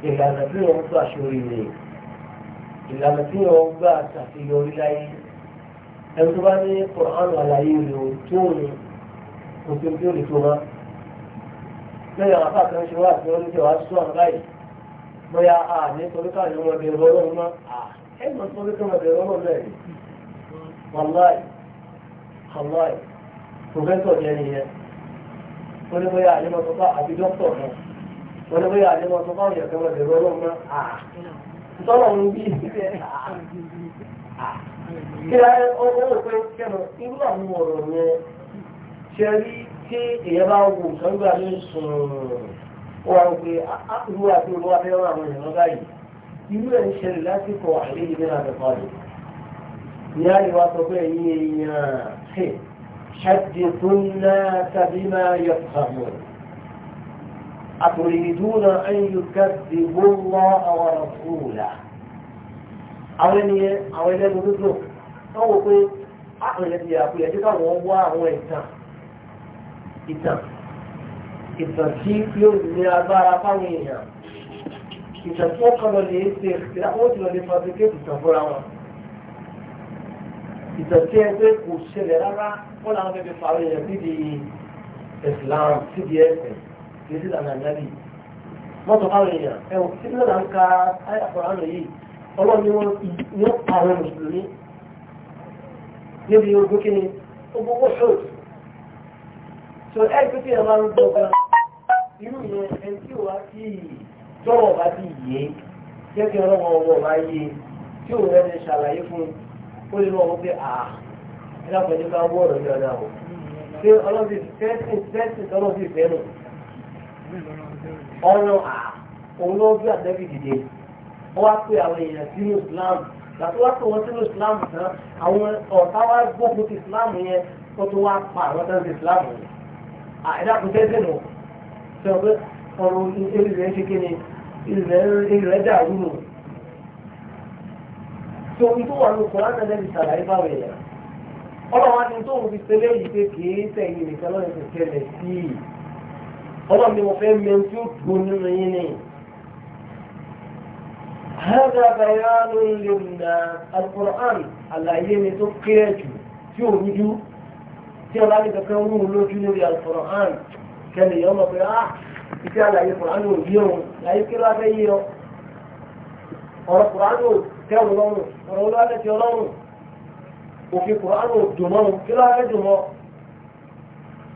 ìlànà tí wọ́n gbà sórí rẹ̀ ìlànà tí wọ́n gbà ṣàfihàn láyé ẹni tó bá ní kọ̀ọ̀án àlàyé rẹ̀ ò tó ní kò sí tí ó lè tó máa lẹ́yìn àwọn afáàkàn ṣe wá àti oníṣẹ́ wa sún àwọn báyìí bóyá a ní torí káàdì ọmọdé ọlọ́run náà ẹ̀ wàláì wàláì pòfẹ́sọ̀ jẹ́ nìyẹn wọ́n ní bóyá àlẹ́ mọ́tò bá àbí dókítọ̀ kan wọ́n ní bóyá àlẹ́ mọ́tò bá òyìn kan lọ́dẹ̀ rọ́rọ́ mọ́ à tọ́lọ̀ ń bí kí ẹ ọwọ́ pé kẹ́nu irú àwọn ọ̀rọ̀ yẹn ṣe rí tí èèyàn bá wò nǹkan gbà ní sùn ó wà pé irú àti olúwa fẹ́ràn àwọn èèyàn ìyá ìwà sọ pé ẹ̀yin èèyàn حدثنا بما يفهمون أتريدون أن يكذبوا الله ورسوله àwọn ènìyàn àwọn ẹlẹ́nu dúdú wọ́n wò pé ah, àwọn ẹlẹ́nu yà kú yẹjú káwọn wá àwọn ìtàn ìtàn ìtàn tí yóò ní agbára fáwọn èèyàn ìtàn tí wọ́n kọ́ lọ lè ṣe ìtàn wọ́n ti lọ lè fabricate ìtàn fúnra wọn ìtẹ̀sí ẹgbẹ́ kò ṣẹlẹ̀ rárá wọ́n làwọn fẹ́ fi parí rẹ̀ síbi Islam síbi ẹ̀sìn kìí sí ìlànà àjálì wọ́n sọ fáwọn èèyàn ẹ̀wọ̀n tí wọ́n là ń ka ayàkọ̀rọ̀ àná yìí ọlọ́run ni wọ́n yóò pa àwọn mùsùlùmí níbi ogun kí ni ogun wọ́n ṣò so ẹgbẹ́ tí ẹ máa ń gbọ́ gan irú yẹn ẹni tí wàá sí tọ́wọ̀ bá ti yé kí ẹ kí ọlọ́run ọwọ́ bá yé tí òun rẹ̀ ṣàlàyé fún un ó lè mọ̀ wọ́n pé àà ẹ̀dá pẹ̀lú ká wọ́ ọ̀rọ̀ ní ọ̀dà wọn. ṣé ọlọ́sì fẹ́sìn fẹ́sìn tọ́lọ́sì fẹ́nu ọ̀nà àà òun ló bí àtẹ́bí dìde wọ́n wá pé àwọn èèyàn sínú Islam láti wá pé wọ́n sínú Islam tán àwọn ọ̀tá wá gbógun ti Islam yẹn ó tún wá pa àwọn tó ń ti Islam yẹn. àìdá kò tẹ́sẹ̀ nù sọ pé ọ̀rọ̀ ilé rẹ̀ ṣe kí ni ilé rẹ̀ dàrú nù tí omi tó wà ní oṣù láti ẹ̀dẹ́ ti ṣàlàyé báwọn èèyàn ọlọ́wọ́ ni tó ń fi tẹ́lẹ̀ yìí pé kì í sẹ́yìn nìkan lọ́yẹ̀ tó tẹ́lẹ̀ sí i ọlọ́wọ́ ni mo fẹ́ mẹ́rin tí ó dùn nínú yín ni. هذا بيان للناس القرآن àlàyé ni tó kéré jù tí ò ní jù tí ọlá ní kankan rú lójú lórí alfọ̀rán kẹlẹ̀ yọ ọmọ pé ah ìfẹ́ àlàyé fọ̀rán ò yé òun tẹ́wọ̀n lọ́rùn ọ̀rọ̀ olóhàfẹ́ ti ọlọ́run òfin kòránù dùnmọ́run kí ló hàfẹ́ dùnmọ́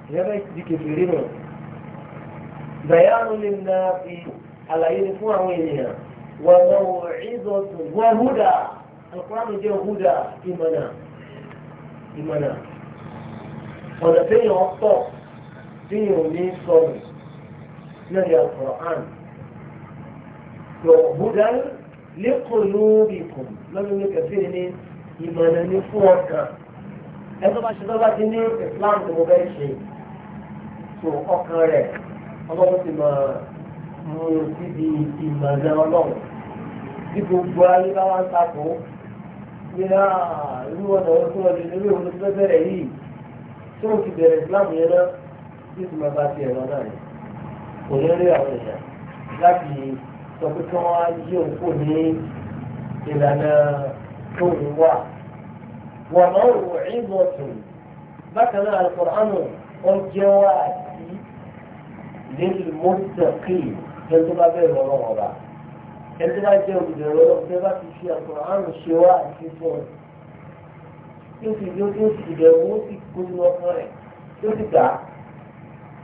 ìyá bẹ́ẹ̀ ti kèfèrí nù bẹ̀yàrún lè na fi àlàyé ni fún àwọn ènìyàn wà lọ́wọ́ ìzọ̀ tún wọ́n húdà alukóránù jẹ́ húdà ìmọ̀nà ìmọ̀nà ọ̀nà téèyàn pọ̀ téèyàn ní sọ̀rọ̀ náà yà kọ̀ọ̀án lọ húdà yìí. لقلوبكم لم يكفيه ní ìmọ̀nà ní fún ọkàn ẹgbẹ́ bá ṣe lọ́wọ́ ti ní islam tó mo fẹ́ ṣe tó ọkàn rẹ̀ ọlọ́run ti máa mú síbi ìmọ̀nà ọlọ́run bí gbogbo ayé bá wá ń takò nílá irú ọ̀nà ọdún ọdún lórí òun ló fẹ́ bẹ̀rẹ̀ yìí tí mo ti bẹ̀rẹ̀ islam yẹn náà bí ti máa bá ti ẹ̀rọ náà rẹ̀ kò ní rí àwọn èèyàn láti sọ pé kí wọ́n á yí òkú ní ìlànà tó ń wà. wọ́n máa ń wò ẹ́ bọ̀ tó bákan náà alukóránù wọ́n jẹ́ wá sí lílù mọ́tàkì ẹni tó bá bẹ̀rẹ̀ lọ́wọ́ ọba ẹni tó bá jẹ́ olùdarí ọlọ́pẹ́ bá ti fi alukóránù ṣe wá sí fún un yóò fi yóò tó sì bẹ̀rù ó sì kó lọ fún rẹ̀ yóò sì gbà á.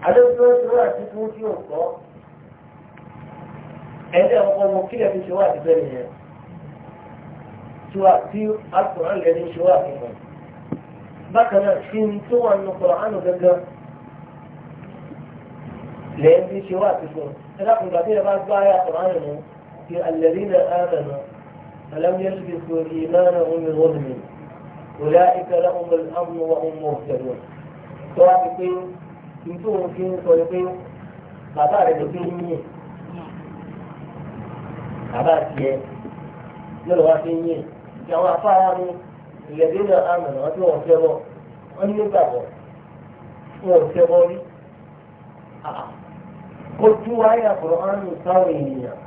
àdéhùn tó ń sọ àti fún tí ò kọ́ ẹ̀ẹ́dẹ́ ọkọ̀ ọmọ kílẹ̀ fi ṣe wá àti bẹ́ẹ̀ nìyẹn tí alukọ̀rán lẹ́ni ṣe wá àti bẹ́ẹ̀ bákan náà kí ni tó wà nínú kọ̀rọ̀ ánù gángan lẹ́yìn tí ṣe wá àti bẹ́ẹ̀ ẹ̀dá kò gbàgbé ẹ̀ bá gbá ayé àkọ̀rọ̀ ánù mú ti alẹ́rí náà ánà nù alámúyẹ́ ti fi ìmáàna omi wọ́n mi wòlá ìkàlà ọmọ ọmọ ọmọ ọ̀fẹ́rù tó wá ti pé nítorí wọn fi ń sọ àbá tiẹ̀ wá fi ń yé ìjà àwọn afárá ni náà àmàlà wọn tí wọ́n fẹ́ bọ̀ wọ́n ní nígbàgbọ́ wọn fẹ́ bọ́ rí kó tú àyà kùrọ̀ánù sáwọn èèyàn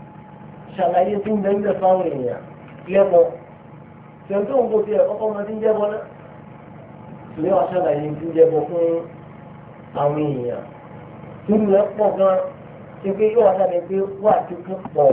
ṣàlàyé tó ń bẹ níbẹ̀ sáwọn èèyàn lẹ́mọ tẹ̀sán òun kò tiẹ̀ kọ́kọ́ máa ti ń jẹ́bọ náà ìwé wa ṣàlàyé ti ń jẹ́bọ fún àwọn èèyàn tó ń lọ pọ̀ gan-an ṣe pé yóò wá sábẹ́ pé wà á ti kú pọ̀.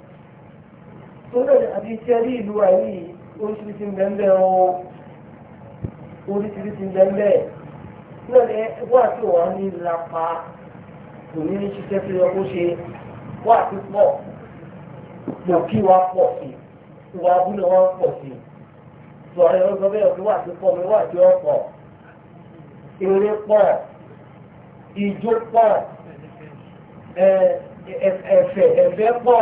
lọ́dọ̀ àti iṣẹ́ rí ìlú àyè oríṣiríṣi ń bẹ́ẹ̀ bẹ́ẹ̀ wọn oríṣiríṣi ń bẹ́ẹ̀ bẹ́ẹ̀ lọ́dọ̀ wà tí wọ́n ní lápá kò ní ní ṣiṣẹ́ tó yẹ kó ṣe wà tí pọ̀ lò kí wà pọ̀ sí ìwà abúlé wọn pọ̀ sí sọ̀rọ̀ ẹ̀rọ sọ bẹ́ẹ̀ pé wà tí pọ̀ mi wà tí ó pọ̀ eré pọ̀ ìjó pọ̀ ẹ̀fẹ̀ ẹ̀fẹ̀ pọ̀.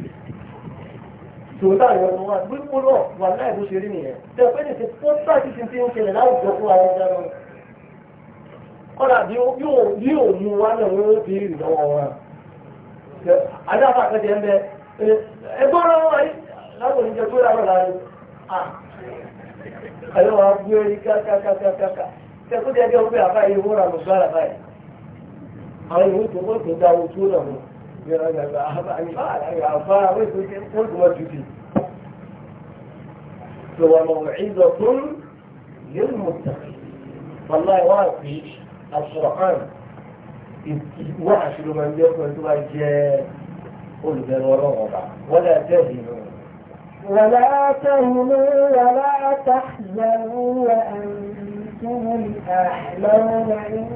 tòótá rẹ̀ ọ̀nà wa gbígbó náà wà láì bó ṣe rí nìyẹn tẹ pé nìṣe pọ́ńtà ti ti ń ṣẹlẹ̀ láwùjọ fún wa nígbà náà bí yóò mú wa náà wọ́n fi rí lọ́wọ́ wa adáfà kan jẹ́ ń bẹ ẹgbọ́n náà wọ́n láwọn oníjẹ tó rà lọ́la ni àlọ́ wa gbé rí kákákákáká tẹ kó jẹ́ jẹ́ wọ́n pé àbáyé wọ́n rà lọ́gbà àbáyé àwọn ìwé tó kó tó dá tó náà موعظة للمتقين والله واقف القرآن وعشر من يقول توجه قل ذا ورغبة ولا تهنوا ولا تهنوا ولا تحزنوا وأنتم الأحلون إن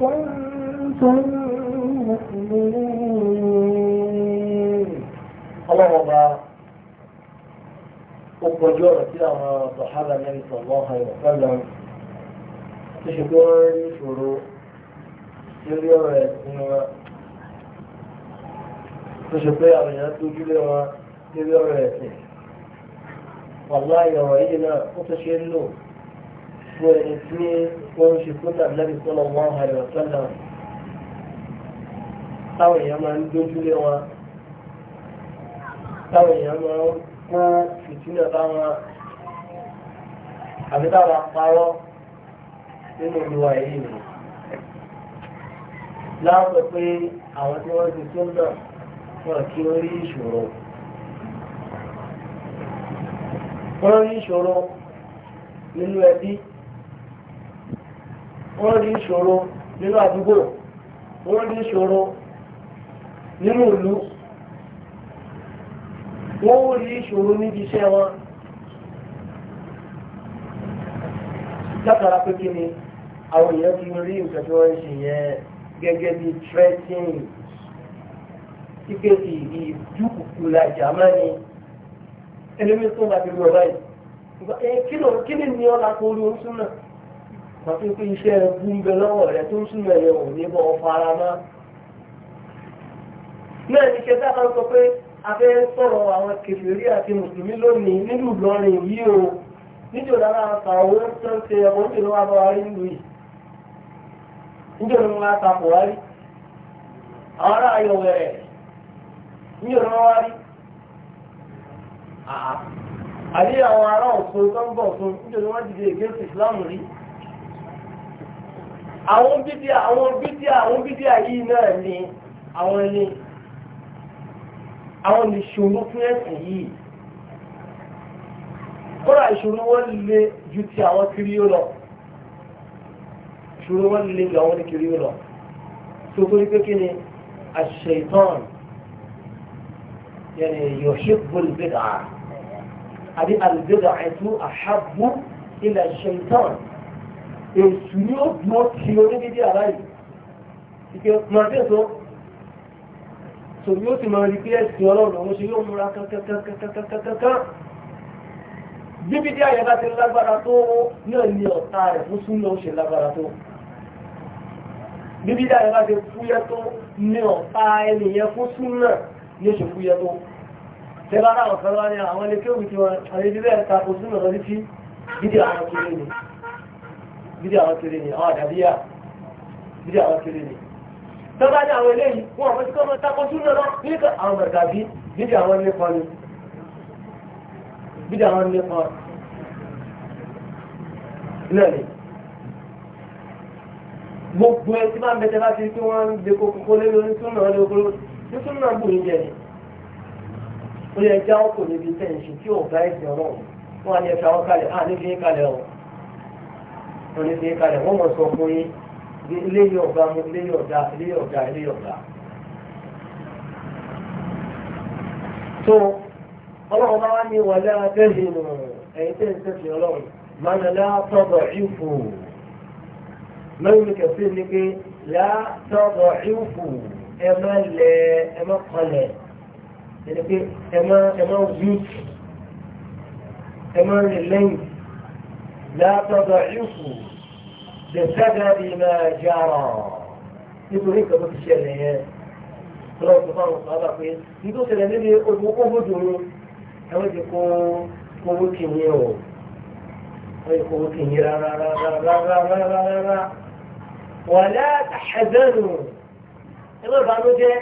كنتم المؤمنون الله ما أقول جورة كده مع صحابة النبي صلى الله عليه وسلم تشكر شروع lórí ọ̀rọ̀ ẹ̀sìn wọn tó ṣe pé àwọn èèyàn tó júlé wọn lórí ọ̀rọ̀ ẹ̀sìn wàlá ìrọ̀rọ̀ yìí náà ó tó ṣe ń lò fún ẹni tí ó ń ṣe fún tàbí lẹ́bi sọ́nà wọn àrẹ̀ táwọn èèyàn máa ń dójúlé wọn táwọn èèyàn máa ń kó fìtínà táwọn àbí táwọn nínú olúwa èyí nìyí láàpẹ pé àwọn tí wọ́n ti tó náà wọ́n kí ó rí ìṣòro wọ́n rí ìṣòro nínú ẹbí wọ́n rí ìṣòro nínú àdúgbò wọ́n rí ìṣòro nínú ìlú wọ́n ó rí ìṣòro níbi iṣẹ́ wọn látara pé kí ni àwọn èèyàn ti rí nǹkan tí wọ́n ń ṣe yẹn gẹ́gẹ́ bí trẹ́tìn tíkẹ́ẹ̀tì ìdúkùkù làjà máa ní ẹlẹ́mí tó ń bá ti lọ báyìí kí ni ní ọ̀la kó orí oṣù náà wọ́n ti pé iṣẹ́ ẹ̀ bú ń bẹ lọ́wọ́ rẹ̀ tó ń súnmọ́ ẹ̀yẹ̀ òní bọ́ ọ fara máa. náà ní ṣẹta kan sọ pé a sọ̀rọ̀ àwọn kèfèrí àti mùsùlùmí lónìí nílùú Ìlọrin yìí o níjọ́ lára owó tó ń ṣe ẹ̀kọ́ nílùú wa bá wa yìí níjọ́ ní wọn ta kò àwọn ará ayọ̀ wẹ̀rẹ̀ ní wá rí àbí àwọn ará tó ń bọ̀ fún àwọn olùṣòro fún ẹ̀sìn yìí kódà ìṣòro wọn le ju ti àwọn kiri yóò lọ ìṣòro wọn le ju àwọn kiri yóò lọ tó torí pé kí ni àṣetán yẹn ni yuhibbu al-bid'ah àbí al-bid'atu ahabbu ila ash-shaytan èsù ni dúró ti onídìdí aláìsí ìpè mọ̀tẹ́sọ̀ tò yóò ti máa rí pé ẹ̀sìn ọlọ́run ọ̀hún ṣe yóò múra kankankankankankankan bíbí dí àyẹ̀bá ti lágbára tó náà ní ọ̀tá rẹ̀ fún súnmọ́ ó ṣe lágbára tó bíbí dí àyẹ̀bá ti fúyẹ́ tó ní ọ̀tá ẹnìyẹn fún súnmọ́ ní oṣù fúyẹ́ tó tẹ́lá àwọn kan wá ní àwọn ilé kéwì tí wọ́n àwọn ilé bẹ́ẹ̀ ta kò súnmọ́ lọ títí bídí àwọn kéré ni bídí àwọn kéré ni àwọn àdàbíyà bídí àwọn kéré ni tọ́gbà ní àwọn eléyìí wọn àwọn tí kọ́ máa takọ súnà lọ nílùú àwọn bàtà bí bídí àwọn ni bídí àwọn ni gbogbo ẹ tí bá ń bẹ̀tẹ̀ bá ti tí wọ́n ń de kókó lé lórí súnà lórí okòrò tí súnà bù ń jẹ ni ó yẹ kí àwọn kò níbi tẹ̀sí tí ò bá ẹ̀sìn ọ̀rọ̀ wọn á ní ẹ̀fẹ̀ àwọn kalẹ̀ á ní fi kalẹ̀ ọ̀ wọn ní fi kalẹ̀ wọ́n mọ̀ sọ fún yín eléyìí ọ̀gá mo eléyìí ọ̀gá eléyìí ọ̀gá eléyìí ọ̀gá. tó ọlọ́run bá wá ní wàlẹ́ abẹ́rẹ́ nù ẹ̀yin tẹ́ ń tẹ̀sí ọlọ́run máa nà látọ̀dọ̀ ìfò mẹ́rin kẹfì ni pé látọ̀dọ̀ ìfò ẹ má lẹ ẹ má kọlẹ̀ ẹni pé ẹ má ẹ má wíìkì ẹ má rìn lẹ́yìn látọ̀dọ̀ ìfò. لسبب ما جرى nítorí nǹkan tó ti ṣẹlẹ̀ yẹn lọ́wọ́ tó fáwọn sábà pé ní tó ṣẹlẹ̀ níbi ogun kóbódù ni ẹ̀wọ́n ti kó owó kìíní o ẹ̀wọ́n ti kó owó kìíní rárá rárá rárá rárá rárá wà látàṣẹ́bẹ̀rù ẹ má banújẹ́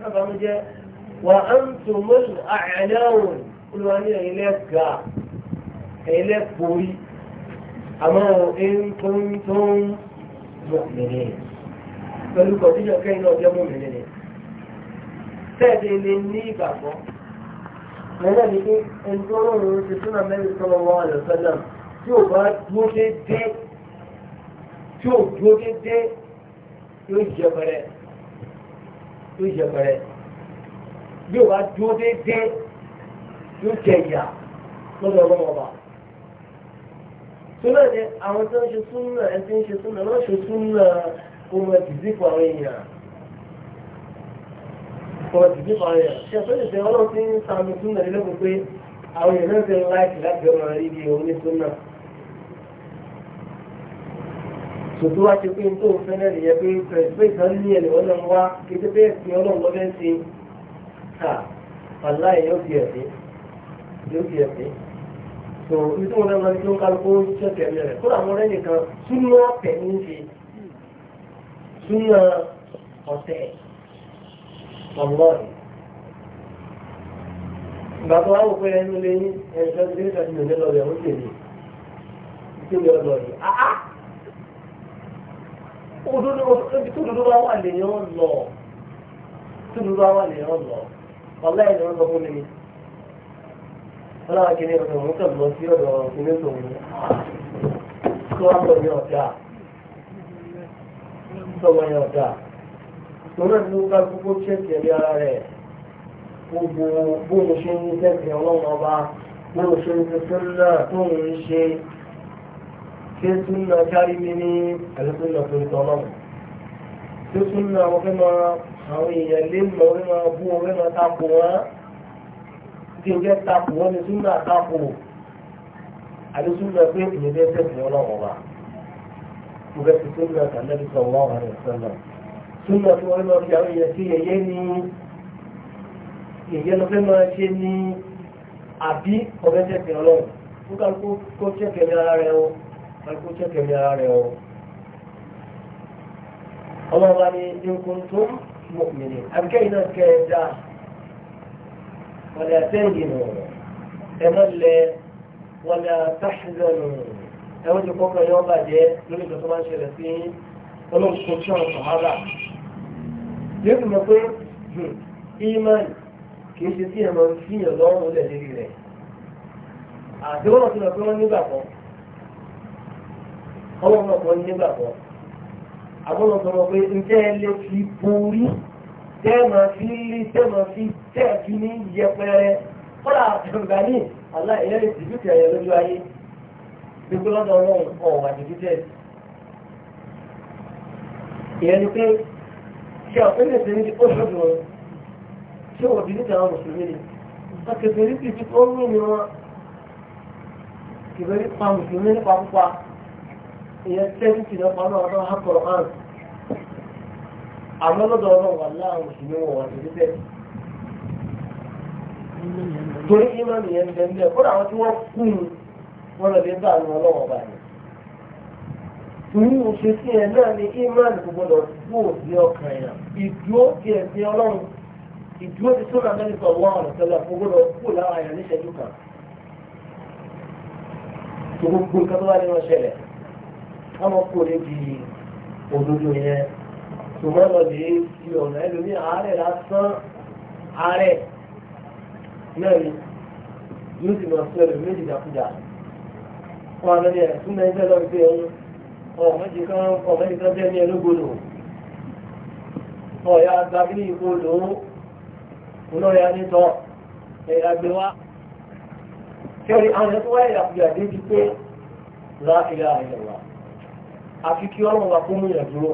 má banújẹ́ wà á ń tún mọ́lù àìlẹ́wọ̀n olùwà ní ẹ̀yìn lẹ́gàá ẹ̀yìn lẹ́gbòrí àmọ́ in kuntum mu'minin pẹ̀lú kọ̀díjọ́ kẹ́yìn náà jẹ́ mu'minin ni tẹ́ẹ̀dẹ̀ lè ní ìgbàgbọ́ mẹ́rẹ̀ ní pé ẹni tó rọrùn ti súnà mẹ́rin sọ́mọ́ wọn àlọ́sọ́nà tí ò bá dúró dédé tí ò dúró dédé yóò jẹ pẹrẹ yóò jẹ pẹrẹ bí ò bá dúró dédé yóò jẹ ìyà lọ́dọ̀ ọlọ́mọba sọ́nà ni àwọn tó ń ṣe súnà ẹ ti ń ṣe súnà lọ́ọ́ ṣe súnà ohun ẹ̀tìdíkù àwọn èèyàn ohun ẹ̀tìdíkù àwọn èèyàn ṣe àtúnṣe ṣe ọlọ́run ti ń sàmì súnà nílé kó pé àwọn èèyàn náà ti ń láìsí láti ọmọ rí ibi òun ní wá ṣe pé n tó fẹ́ náà nìyẹn pé pẹ̀lú ìtàn ní ẹ̀lẹ́ wọn náà wá kété bẹ́ẹ̀ sí ọlọ́run lọ́fẹ́ ká wàláì yóò tó ní tó náà máa ní kálukú ṣẹ̀kẹ̀ ẹ̀mí rẹ̀ kódà mo rẹ́yìn kan súnú ọ̀tẹ̀ ní ṣe súnú ọ̀tẹ̀ ọ̀mọ́rì. ìgbà tó wò pé ẹnu lé ní ẹni ti dé ìtàkì lòdì lọ́dọ̀ ẹ̀hún tèmi ìtòlè ọ̀dọ̀ yìí òdodo ibi tó dodo bá lọ tó dodo bá wà lèèyàn lọ ọ̀la ẹ̀ lọ́dọ̀ fún mi ọlọ́wọ́ kìíní ọ̀dọ̀ òun kàn lọ sí ọ̀dọ̀ kìíní tòun tó wà lọ ní ọ̀dà tó wà ní ọ̀dà tòun náà ló ká gbogbo ṣẹ́ẹ̀kì ẹ̀mí ara rẹ̀ gbogbo bóun ṣe ń tẹ̀sí ọlọ́run ọba bóun ṣe ń tẹ̀sí náà tóun ń ṣe ṣé súnà kárí mi ní àlùkùnà tó ń tọ́ náà ṣé súnà wọ́n fẹ́ máa àwọn èèyàn lé tí o jẹ́ takò wọ́n ní súnà takò àti súnà pé èyí bẹ́ẹ̀ tẹ̀ fún ọlọ́run wa mo bẹ́ẹ̀ ti súnà tàbí sọ̀rọ̀ wà rẹ̀ sọ̀rọ̀ súnà tí wọ́n lọ fi àwọn èèyàn sí yẹyẹ ní yẹyẹ ló fẹ́ máa ṣe ní àbí ọbẹ̀ tẹ̀ fún ọlọ́run ó ká kó chẹ́kẹ̀ ní ara rẹ̀ o ká kó chẹ́kẹ̀ ní ara rẹ̀ o. ọlọ́run wa ni ní kò tó náà kẹ́ ẹ dáa. ولا تنجنوا تمل ولا تحزنوا أول يقوم يوم بعد لوني كتمان شلسين ولو كتشان الصحابة لكن نقول إيمان kìí ṣe tí ẹmọ fi yàn lọ́rùn ó lẹ̀lẹ́ rí rẹ̀ àdéhùn ọ̀tún ọ̀tún wọn nígbà kan ọmọ ọmọ kan nígbà kan àbọ̀nà ọ̀tún ọmọ pé ǹjẹ́ ẹ lè fi borí tẹ́ẹ̀mọ̀ fi lé tẹ́ẹ̀mọ̀ fi tẹ́ẹ̀kì ní yẹpẹrẹ kọ́lá gbọ̀ngàn ní àlá lè dìbò tẹ̀ ẹ̀yẹ lójú ayé gbogbo lọ́dọ̀ ọlọ́run ọ̀ wà ìyẹn ni pé ṣé ọ̀pẹ́lẹ̀ tẹ̀lé ti kóṣù dùn ṣé wọ́n dìbò àwọn mùsùlùmí ni rí ti fi ń rìn wọn pa mùsùlùmí nípa ìyẹn àwọn ọlọ́dọ̀ ọlọ́run wà láàrin òṣèlú wọn wà sí níbẹ̀. torí ìmọ̀ nìyẹn ń bẹ́ẹ̀ kódà àwọn tí wọ́n kú wọn lọ lè bá àwọn ọlọ́wọ́ bá yẹn. torí mo ṣe sí ẹ náà ni ìmọ̀ nìkan gbọdọ̀ kú òbí ọkàn yẹn ìdúró ti ẹ̀sìn ọlọ́run ìdúró ti sọ́nà mẹ́rin sọ wọ́n ọ̀nà tẹ́lẹ̀ fún gbọdọ̀ kú lára yẹn níṣẹ́jú kan ṣùgbọ́n lọ lè fi ọ̀nà ẹlòmí ààrẹ lásán ààrẹ náà ni yóò sì lọ sí ẹlòmí ìdàkúdà wọn àná ni ẹ̀sùn náà ń fẹ́ lọ́ọ́ gbé ẹ̀yìn ọ̀mẹ́jì kan ọ̀mẹ́jì kan jẹ́ ní ẹlógbòdò ọ̀yà gbàgbé ìgbòdò olóòyà nítọ̀ ẹ̀yà gbé wá kẹrin àwọn ẹ̀kọ́ wáyé ìdàkúdà dé ti pé láìláìlẹ̀wà àfi kí ọlọ́run wa kó mú ìyàdúró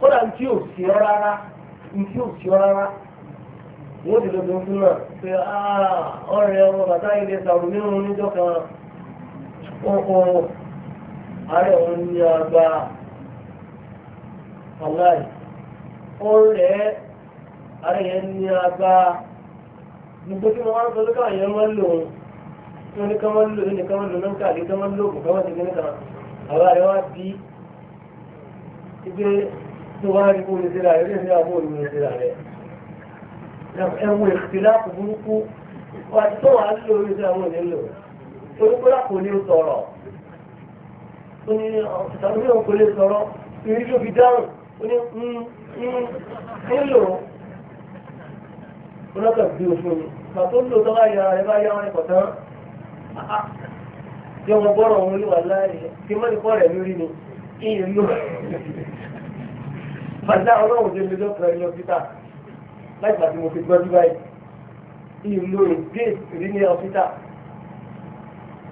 kódà ní ò sí ọ rárá ní ò sí ọ rárá wọ́n ti lọ́dún fún náà pé ọ̀rẹ́ ọmọ bàtà ilé sàrùn nínú oníjọ́ kan ọkọ̀ ààrẹ òun ní àgbà aláì ọ̀rẹ́ ààrẹ yẹn ní àgbà gbogbo tí wọ́n wá ń sọ lókà yẹn máa ń lò ó tí wọ́n ní ká máa ń lò ní ká máa ń lò ó náà ká máa ń lò kò ká máa ti gbé níta àbá rẹ̀ bí ibi tó bá rí bóyá síra rẹ̀ lẹ́sìn àwọn olùmọ̀ síra rẹ̀ ẹ̀wọ̀n ìfìlápù burúkú wà tó wà nílò orí síra wọn nílò olùkọ́lá kò ní sọ̀rọ̀ ó ní ìtàkùn náà kò lè sọ̀rọ̀ ìrí ló fi dáhùn ó ní nílò olókè bí òfin ìgbà tó lò tó bá ya ẹ bá yá wọn ẹ̀kọ́ tán yọ wọn bọ́rọ̀ wọn ní wà láàyè kí mọ́ni kọ́ rẹ̀ lórí ni kí ìlú fàdá ọlọ́run ṣe lójọ́ kan ní ọ́fíìsà láì pàtó mo fi gbọ́dú báyìí ìlò èdè rí ní ọ́fíìsà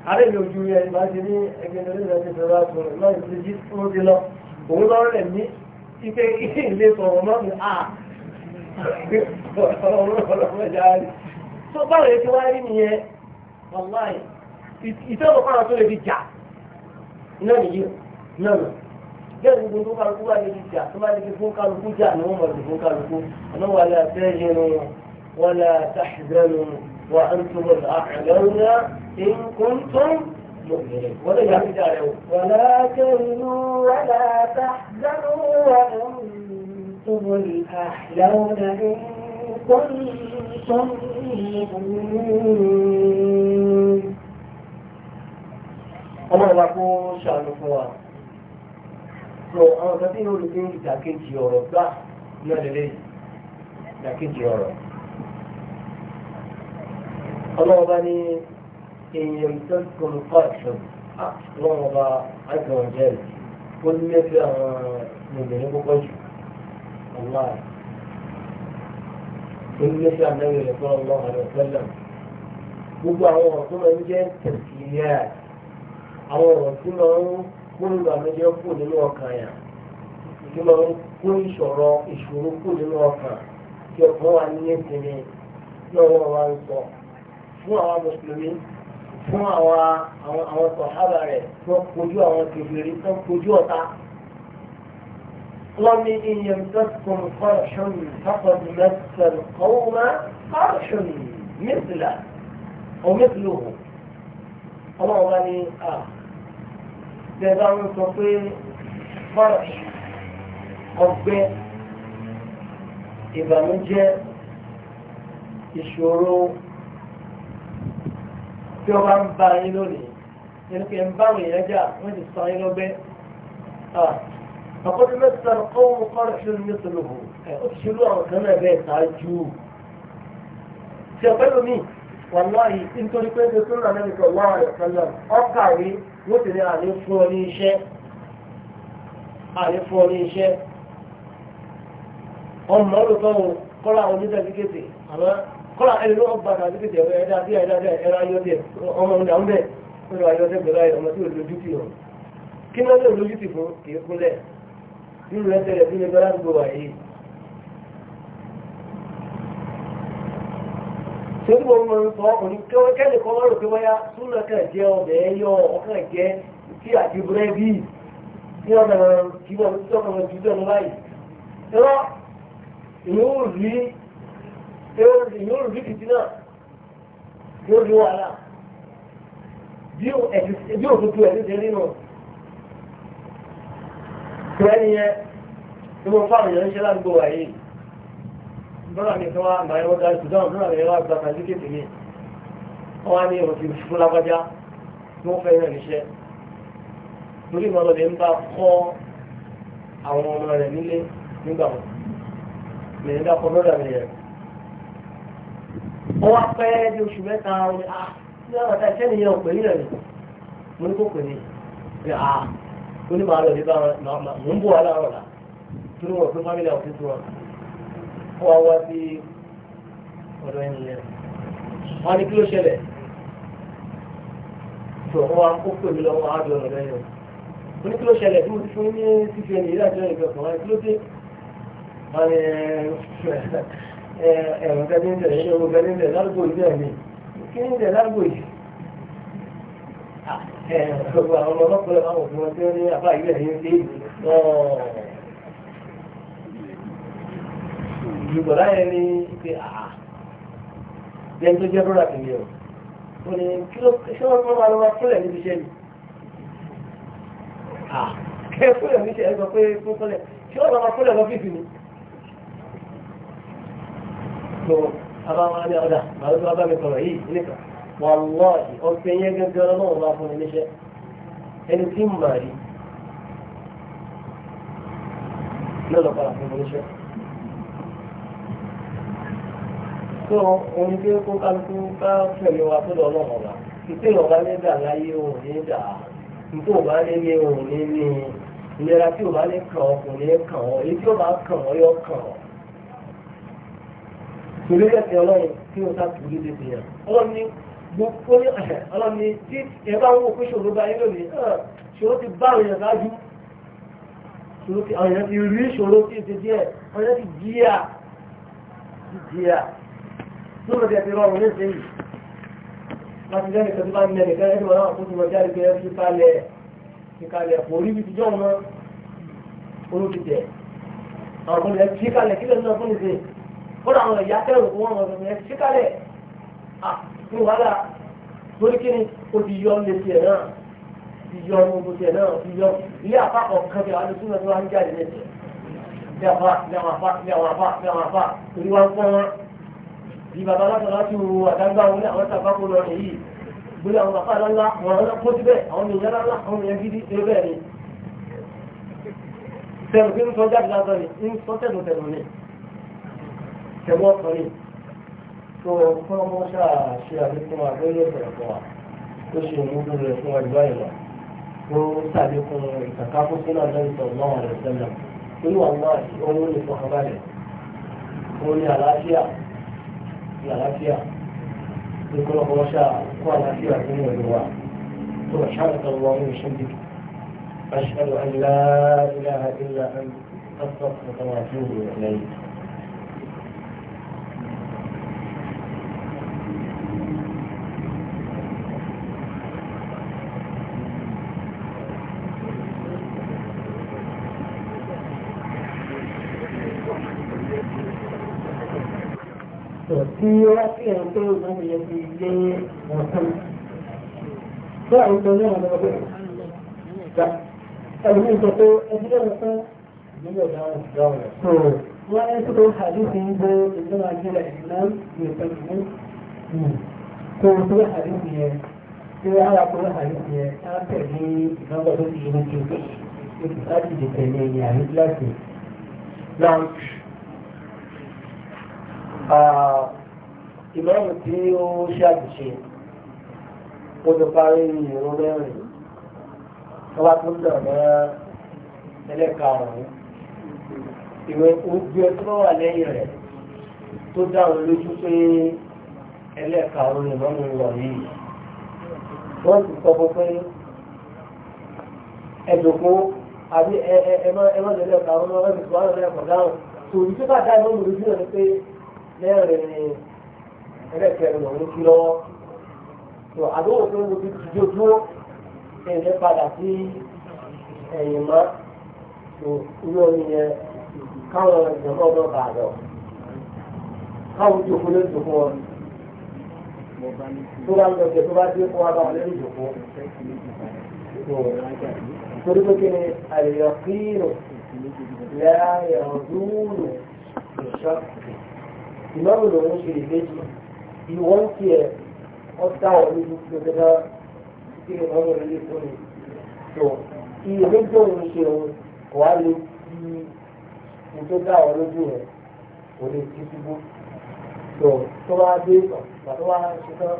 ààrẹ mi ojú yẹn bá ti ní ẹgbẹ́ ní orílẹ̀ èdè ìjọba àtúrò náà ti jí tó ti lọ òun lọ rẹ̀ ní ipe ilé sọ̀rọ̀ náà ní à tó báwo lè ti wá rí nìyẹn wàláì جرب نوح القوة جدا ثم اللي فوق الفجع نومر اللي فوق الفجع ولا تجنوا ولا تحزنوا وأنتم الأعلون إن كنتم ولا تهنوا ولا تحزنوا وأنتم الأحلون إن كنتم مؤمنين أمر لكم شأنكم so àwọn kan tí yóò rí pé ìdàkejì ọ̀rọ̀ gbà náà lélẹ̀ ìdàkejì ọ̀rọ̀ ọlọ́ọ̀bá ní èèyàn tó kọlu fáṣọ̀n ọlọ́ọ̀bá àìsàn jẹ́rì ó ní lẹ́fẹ̀ẹ́ àwọn obìnrin púpọ̀ jù ọ̀la ó ní lẹ́fẹ̀ẹ́ ànáwó rẹ̀ fún ọlọ́ọ̀bá rẹ̀ fẹ́lẹ̀ gbogbo àwọn ọ̀rọ̀ tó máa ń jẹ́ tẹ̀síyà àwọn ọ̀rọ̀ tó máa ń gbólóhùn àmìjẹ́ kù nínú ọkàn yà kí lọ ń kó ìṣòro ìṣòro kù nínú ọkàn kí ọkàn wà ní ìsinmi lọ́wọ́ wa ń sọ fún àwọn mùsùlùmí fún àwọn àwọn sọ̀hábà rẹ̀ tó kojú àwọn kèfèrí tó kojú ọ̀tá. wọ́n ní iye mẹ́tọ́kùn kọ́ọ̀ṣùn fákọ̀dù mẹ́tọ́kùn kọ́ọ̀mà kọ́ọ̀ṣùn mẹ́tìlá ọ̀mẹ́tìlóhùn ọlọ́run bá ní à. Ah, bẹ̀rẹ̀ ń sọ pé fọ́ọ̀rọ̀ ọgbẹ́ ìbànújẹ́ ìṣòro tí ọba ń bá yín lónìí nínú pé ń bá àwọn èèyàn jà ti sọ yín lọ́gbẹ́. فقد مثل القوم قرح مثله أبشروا أو كما بيت عجوب تقبلوا مين wàláhì nítorí pé ṣe sọ́nà náà nìkan wà rẹ̀ sọ́nà ọkàwé wọ́n ti ní àní fún ọ ní iṣẹ́ àní ọ ní iṣẹ́ ọmọ olùkọ́ wo kọ́lá onídàgígèdè àmọ́ kọ́lá ẹni ló ọgbà dàgígèdè ẹ̀rọ ẹ̀dá bí ẹ̀dá bí ẹ̀rọ ayọ́dẹ̀ ọmọ ọ̀dà ń bẹ̀ pẹ̀lú ayọ́dẹ̀ pẹ̀lú ayọ̀ ọmọ tí ò lójú hàn kí náà lè lójú fún kì í kúnlẹ̀ nínú rẹ̀ torí wọn máa ń sọ ọkùnrin kẹ́lẹ̀ kan wọ́n rò wáyá súnà kàn jẹ́ ọbẹ̀ ẹyọ ọkàn jẹ́ tí àti búrẹ́dì tí wọ́n máa kí wọ́n ti tọ́ka wọn jù sọ́nù báyìí. ẹ̀rọ ìyóò rí ìyóò rí lọ́nà mi kí wọ́n máa yọwọ́ darí Sudan lọ́nà mi wá gba kàdíkètì mi wọ́n á ní òfin fún lágbájá tí wọ́n fẹ́ rẹ̀ níṣẹ́ torí ìmọ̀ lọ́dẹ̀ ń bá kọ́ àwọn ọmọ rẹ̀ nílé nígbà wọn lè ń dákọ̀ lọ́dà mi rẹ̀ wọ́n wá pẹ́ bí oṣù mẹ́ta wọn ni ah ní àwọn àti ẹ̀ṣẹ́ nìyẹn ò pè ní rẹ̀ ni mo ní kó pè ní pé ah onímọ̀ àlọ́ ní bá wọn mò ń bọ̀ wá láàárọ̀ là torí wá wá sí ọ̀dọ̀ ènìyàn wọn ni kí ló ṣẹlẹ̀ tó wọn wá kó pèmí lọ wọn á jọ ọ̀dọ̀ ènìyàn wọn ni kí ló ṣẹlẹ̀ tí mo ti fún ní fífi ẹni yìí láti ẹnìkan kan wọn ni kí ló dé wọn ni ẹ̀rọ gẹ́gẹ́ ń tẹ̀lé ẹ̀rọ gẹ́gẹ́ ń tẹ̀lé lárúgbó yìí bẹ́ẹ̀ ni kí ń tẹ̀lé lárúgbó yìí gbogbo àwọn ọmọ ọlọ́pàá àwọn òfin wọn ní àbá ìgbẹ́ ń dé ìlú bọ̀dá yẹn ní pé àá ah, ah, jẹ́ tó jẹ́ bọ́dà tèmi o ó ní kí ló ṣé wọ́n fún wa lọ́wọ́ fúnlẹ̀ níbi iṣẹ́ mi ah, kẹ́ fúnlẹ̀ níbi iṣẹ́ ẹ sọ pé fún fúnlẹ̀ ṣé wọ́n lọ́wọ́ fúnlẹ̀ lọ́fíìsì mi. tó abáwọn ní ọ̀dà màálù tó bá mi sọ̀rọ̀ yìí nípa wàlúwàlì ọ̀sẹ̀ yẹn gẹ́gẹ́ ọlọ́run bá fún mi níṣẹ́ ẹni tí mà rí lọ́lọ́ padà fún mi níṣẹ́. tó ohun tí kó kálukú bá pẹ̀lú wa tó lọ́nà ọ̀la ìpè ọ̀gá ní dà láyé òun ní dà nípò ọ̀gá ní ní òun ní ní ìlera tí ọ̀gá ní kàn ọ́ kò ní kàn ọ́ èyí tí ọ̀gá kàn ọ́ yọ kàn ọ́. torí ẹ̀sìn ọlọ́run tí wọ́n sáà tìlú lè fi hàn ọlọ́run ní gbogbo ní ọlọ́run ní tí ẹ bá ń wò pé ṣòro bá yín lónìí ṣòro ti bá àwọn èèyàn ṣáájú ṣòro ti àwọn èèyàn ti rí ṣòro ti ṣe díẹ̀ lóòrò tẹ̀ fi rọrùn ní ìsinyìí láti jẹ́ nìkan tó bá nílẹ̀ nìkan ẹni wọn náà tó ti mọ jáde pé ẹni kalẹ̀ ìkalẹ̀ kò rí ibi tíjọ́ wọn olóòtú tẹ̀ àwọn ọmọ ẹ̀ fi kalẹ̀ kílẹ̀ náà fún ìsìn kódà àwọn ìyá kẹrù fún wọn ọmọ ẹ̀ fi kalẹ̀ à ní wàhálà lórí kíni ó ti yọ ní tiẹ̀ náà ti yọ ní gbogbo tiẹ̀ náà ti yọ ilé àpapọ̀ kan fi àwọn ìṣúná tó wá ń jáde lẹ́sẹ̀ ní àwọn àpá ní àwọn àpá ní àwọn àpá bí bàbá aláṣọ láti wo àdágbà wọn ní àwọn tàbá kó lọ rẹ̀ yìí gbọ́dọ̀ àwọn bàbá aláńlá wọn àwọn kó síbẹ̀ àwọn èèyàn aláńlá àwọn èèyàn gidi ṣe bẹ́ẹ̀ ni. sẹ́nu kí n sọ jáde lásán ni n sọ tẹ̀dùn tẹ̀dùn ni tẹ̀wọ́ sọ ni. tó o fún ọmọ ṣáà ṣe àlékún àgbẹ̀yẹ sọ̀rọ̀ fún wa tó ṣe ìmúdú rẹ̀ fún wa ìgbà ìlọ tó ṣàlékún ìtàkàkùn sínú àdáyìntàn àti àlàáfíà ní kọ́lọ́kọ́ wọ́n ṣá kó àlàáfíà nínú ìlú wa tó bá ṣáàlù tó wọ́n ní ìṣẹ́ bíi أشهد أن لا إله إلا أنت أستغفرك وأتوب إليك tí ó wá sí ẹ̀rọ pé òun náà yẹ ti lé ọ̀sán. Bí àwọn ìtọ́jú náà lọ bẹ̀rẹ̀. Ẹ̀rọ ní ìtọ́ pé ẹbí lọ́wọ́ fún ìgbélé ọ̀daràn ìdáwọ̀ rẹ̀. So wọ́n ní tó hàdí sí ń gbé ìjọba àjẹlẹ̀ ìlànà ìpẹ̀lú. So Now, uh, ìmọ̀ràn tí ó ṣe àṣìṣe ó ti parí ìrún mẹ́rin wọ́n bá tún dàn mọ́ ẹlẹ́karùn-ún ìwé ojú ẹ tó wà lẹ́yìn rẹ̀ tó dá òun lójú pé ẹlẹ́karùn-ún ni mọ́mú lọ yìí wọ́n ti sọ fún pé ẹ̀dùnkú àbí ẹ̀mọ́dé ẹlẹ́karùn-ún lọ́wọ́ ti sọ àwọn ẹlẹ́kọ̀ọ́ dáhùn tòun tí bàtà ìmọ̀mù lójú rẹ̀ pé lẹ́yìn rẹ̀ ni ẹlẹ́kẹ̀rin lòun ló fi lọ́wọ́ tó àdúgbò tó ń lòdì tìjú dúró ẹ̀yìn padà sí ẹ̀yìn mọ́ tó irú omi yẹn káwọn ìjọba ọmọ bá lọ káwọn ìjòkó ló ń jòkó wọn tó bá ń lọ jẹ tó bá dé fún wa bá wọn lórí ìjòkó torí pé kí ni àyọkírò lẹ́yà ọdún ìṣọ́ ìmọ̀ràn lòun ṣe ìbejì ìwọ ń fi ẹ̀ ọ̀tá ọ̀ ní gbogbo ìjọba tí ọmọ rẹ̀ lè fún mi. tó iye méjì òun ṣe òun kò wá lè fi ìjọba ọ̀ lójú rẹ̀ kò lè fi ṣubú. tó tó wá dé ìgbà tó wá ṣe tán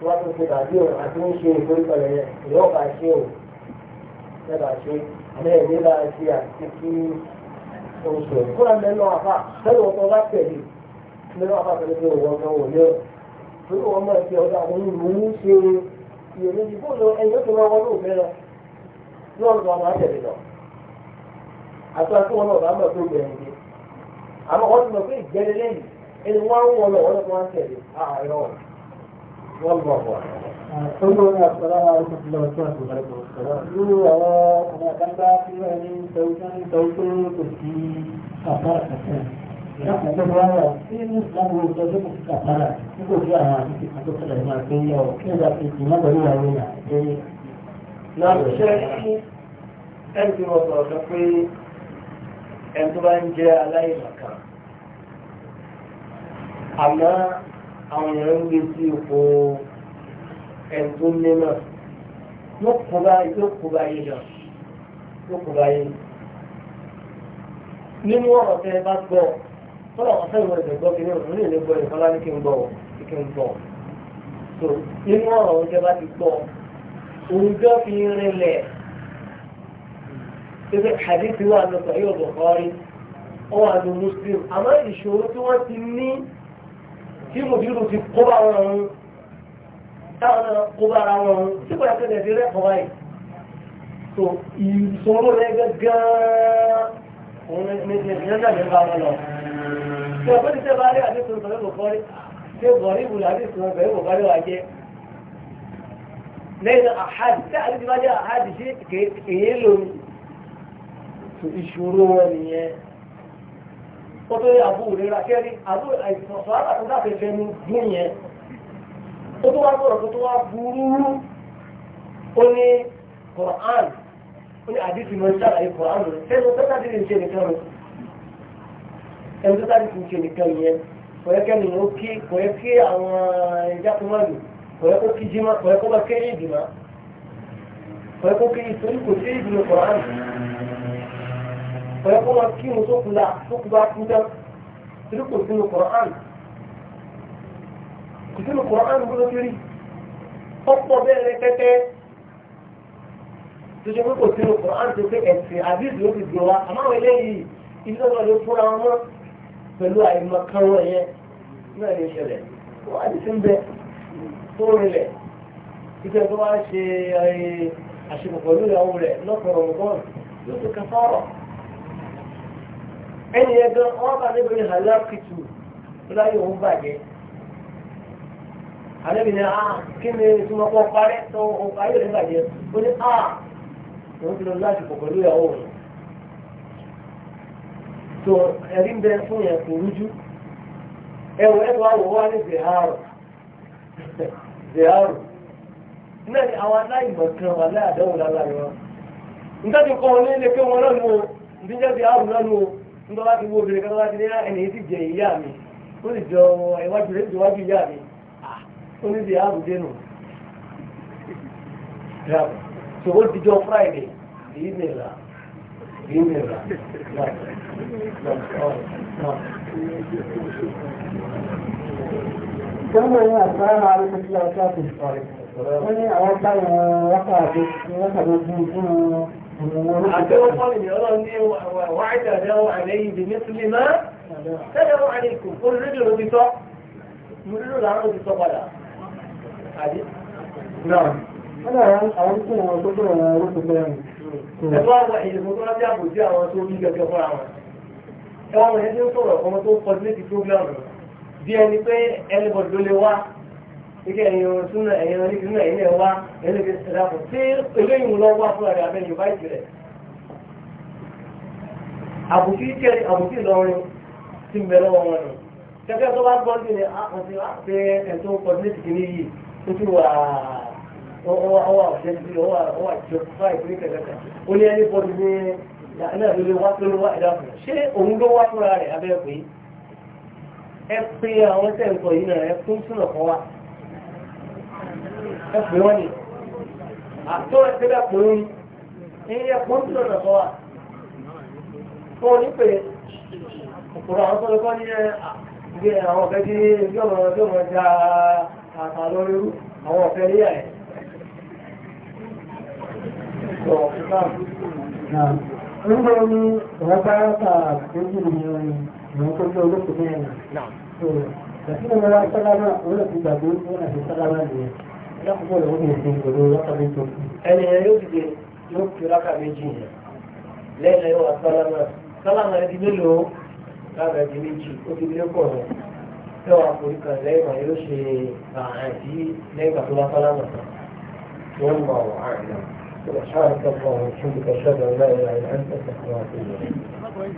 tó wá tó ṣe tàbí òun àti ń ṣe ìforíkalẹ̀ yẹn ìyọ́ bá ṣe òun nígbà ṣe àmì ẹ̀ nígbà ṣe àti kí oṣù kúrò mẹ́nu àfà sẹ́yìn ọ̀tọ̀ bá tẹ̀lé mẹ́nu àfà tẹ̀lé pé òun ọ̀tọ̀ òun ní pé wọ́n máa fi ọ̀dà àwọn olùmọ̀ọ́mú ṣe ìyẹ̀mẹ́jì bóòlù ẹ̀yìn tó máa wọn ló fẹ́ lọ lọ́ọ̀lù wọn máa tẹ̀lé lọ. àti àti wọn náà bá máa tó gbẹ̀yìn dé. àmọ́ wọ́n ti mọ̀ pé ìgbẹ́lẹ́ lẹ́yìn ẹni wọ́n ń wọ́n lọ wọ́n lọ́kọ́ wọn tẹ̀lé àárọ̀ wọ́n lọ wọ́n ní tó kò sí ìyàpọ̀ tó wá wà sí ní ìsìlámù ọjọ́ tó kò kíkà sára nígbò tí àwọn àti kan tó tẹ̀lé máa gbé yọ kí ẹ̀dá ti ti má pẹ̀lú ìyàwó yà dé. lọ́dọ̀ ṣe ẹni tí wọ́n sọ̀rọ̀ sọ pé ẹni tó bá ń jẹ́ aláìmọ̀kan àmọ́ èèyàn ń gbé sí ipò ẹni tó ní náà yóò kó báyìí yóò kó báyìí náà yóò kó báyìí nínú ọ̀rọ̀ tẹ́ bá gbọ́ kọ́lá wọn fẹ́ ìwọ̀n ìgbẹ́gbọ́ kí ní ní ìlẹ́gbọ́ ìfọlá ní kí n gbọ́ kí n gbọ́ so nínú ọ̀rọ̀ oúnjẹ bá ti gbọ́ oúnjẹ fi rinlẹ̀ pépé hadith wà lọ́sọ̀ yóò bọ̀ kọ́rí ó wà ní muslim àmọ́ ìṣòro tí wọ́n ti ní tí mòdìrú ti kó bá wọn ọ̀hún táwọn náà kó bá ara wọn ọ̀hún tí kò yà kẹ́kẹ́ ti rẹ́kọ̀ọ́ báyìí so ìṣòro rẹ̀ gẹ́gẹ́ òun ní ìṣẹ̀lẹ̀ nígbà ṣe ọ̀pọ̀ ní sẹ́bàá rí àdéhùn sọ̀rọ̀ bọ̀kọ́rí ṣe bọ̀rí ìbùdó àdéhùn sọ̀rọ̀ bọ̀kọ́rí wà jẹ́ lẹ́yìn àhádì tí àdéhùn bá jẹ́ àhádì ṣe èyí lómi tó ìṣòro wọn nìyẹn ó tó yẹ àbúrò rírà kẹ́rí àbúrò rẹ̀ ẹni tó dájú ti ń ṣe nìkan yẹn kò yẹ kẹ́ni ó kí kò yẹ kí àwọn ẹja tó má lò kò yẹ kó kí jimá kò yẹ kó bá kéré ìdìmá kò yẹ kó kéré ìtòrí kò sí ìdìmá kò hàn kò yẹ kó máa kí mo tó kú la tó kú bá kú tán torí kò sínú Kùránì kò sínú Kùránì bó ló ti rí ọ̀pọ̀ bẹ́ẹ̀ kẹ́kẹ́ tó ṣe pé kò sínú Kùránì tó pé ẹ̀sìn àbí ìdúró ti dùn wa àmọ́ àwọn eléyìí ilé ọ̀dọ́ ló fúnra wọn mọ́ pẹ̀lú àìmọ̀kánwọ̀ yẹn náà ní ìṣẹ̀lẹ̀ wọ́n á ti fi ń bẹ tó rinlẹ̀ ìgbẹ́ tó wá ṣe àṣepọ̀ pẹ̀lú ìyàwó rẹ̀ lọ́kọ̀ọ̀rọ̀ mọ̀gán yóò tó kẹfọ́rọ̀ ẹni yẹn gan wọ́n bá níbi ní halakitu láyé òun bàjẹ́ àlẹ́bí ni a ah, kí ni ìtumọ̀ pọ̀ parẹ́ tó òun ayé rẹ̀ bàjẹ́ ó ní a ah, òun ti lọ láti pẹ̀lú ìyàwó rẹ̀ tó ẹ̀rí bẹ fún yẹn kò ẹwọ ẹwọ àwọ̀ ní zihar zihar náà ni àwọn aláìmọ̀ kan wà láàdáwò láláyé wọn nígbà tí kọ́ wọn ní pé wọn o o nígbà wá ti obìnrin kan wá ti ní ah, ẹni yìí jẹ ìyá mi ó sì jọ iwájú rẹ̀ ti wájú ìyá mi ah, ó ní dénú so ó ti jọ Friday èyí nìyẹn Primeira. Ìjọba yẹn àtàrà àrùn tí a ṣáàtì sọ̀rọ̀. Wọ́n ní àwọn táwọn wákàtí wákàtí ojú fún òun. Àjọwọ́ pọ́lì ni ọlọ́run ní wàhálà dáwọ́ àlẹ́yìn ìdí nítorí máa tẹ́lẹ̀wọ́ àlẹ́kùn fún rédíò ló ti tọ́. Mo rédíò làwọn ló ti tọ́ padà. Àdé? Náà, wọ́n ní àwọn tí wọ́n gbọ́dọ̀ wọn orúkọ mẹ́rin ẹ̀fọ́ àwọn ìdìbò tó rántí àbòjú àwọn tó rí gẹ́gẹ́ fúnra wọn ẹ̀wọ̀n wọn ẹni tó sọ̀rọ̀ ọmọ tó kọjú létí prógírámù bí ẹni pé ẹnìbọ̀dì ló lè wá ike ẹ̀yin ọ̀rọ̀ súnà ẹ̀yin ọ̀rọ̀ nígbìmọ̀ ẹ̀yin ẹ̀ wá ẹni lè ṣẹ̀dá fún tí eléyìí ń lọ wá fúnra rẹ̀ abẹ́ yorùbá ìtìrẹ̀ àbùkí kẹrin àbùkí ìlọrin ti ń bẹ lọ́wọ́ wọn nù kẹ́kẹ́ tó bá gbọ́ sí ni àkànṣe àti ẹ̀ ọwọ́ àjẹbí ọwọ́ àjẹbá ìpínlẹ̀ kẹ̀kẹ́ ó ní òun ló wá fúnra rẹ̀ abẹ́ pé ẹ pé àwọn tẹ̀ yìí náà ẹ fún sùnà kan wá wọ́n ni àtọ́ ẹ tẹ́lẹ̀ pé ó ní ẹ̀yìn ẹ fún sùnà kan fún ọ ní àwọn sọ̀rọ̀ kọ́ ní ẹ àwọn ọ̀fẹ́ tí ẹgbẹ́ ọmọ ẹgbẹ́ ọmọ ẹja àwọn ọ̀fẹ́ níyà ẹ̀ Nígbà omi ìwọ́n bá ta méjì ní orin ìwọ́n tó jẹ́ olóko mẹ́rin. Ìgbàtí mo wá sálámà, òun náà ti àti sálámà nìyẹn. Lákòókò lòun ní ìsìn ìgbòho lọ́kà méjì. Ẹni yẹn yóò dìde yóò kí lọ́kà méjì yẹn. Lẹ́yìn yóò wá sálámà. Sálámà ẹ mélòó? Lára méjì, ó ti dé pọ̀ rẹ̀. Ṣé wàá forí kan lẹ́yìn سبحانك الله وبحمدك اشهد ان لا اله الا انت استغفرك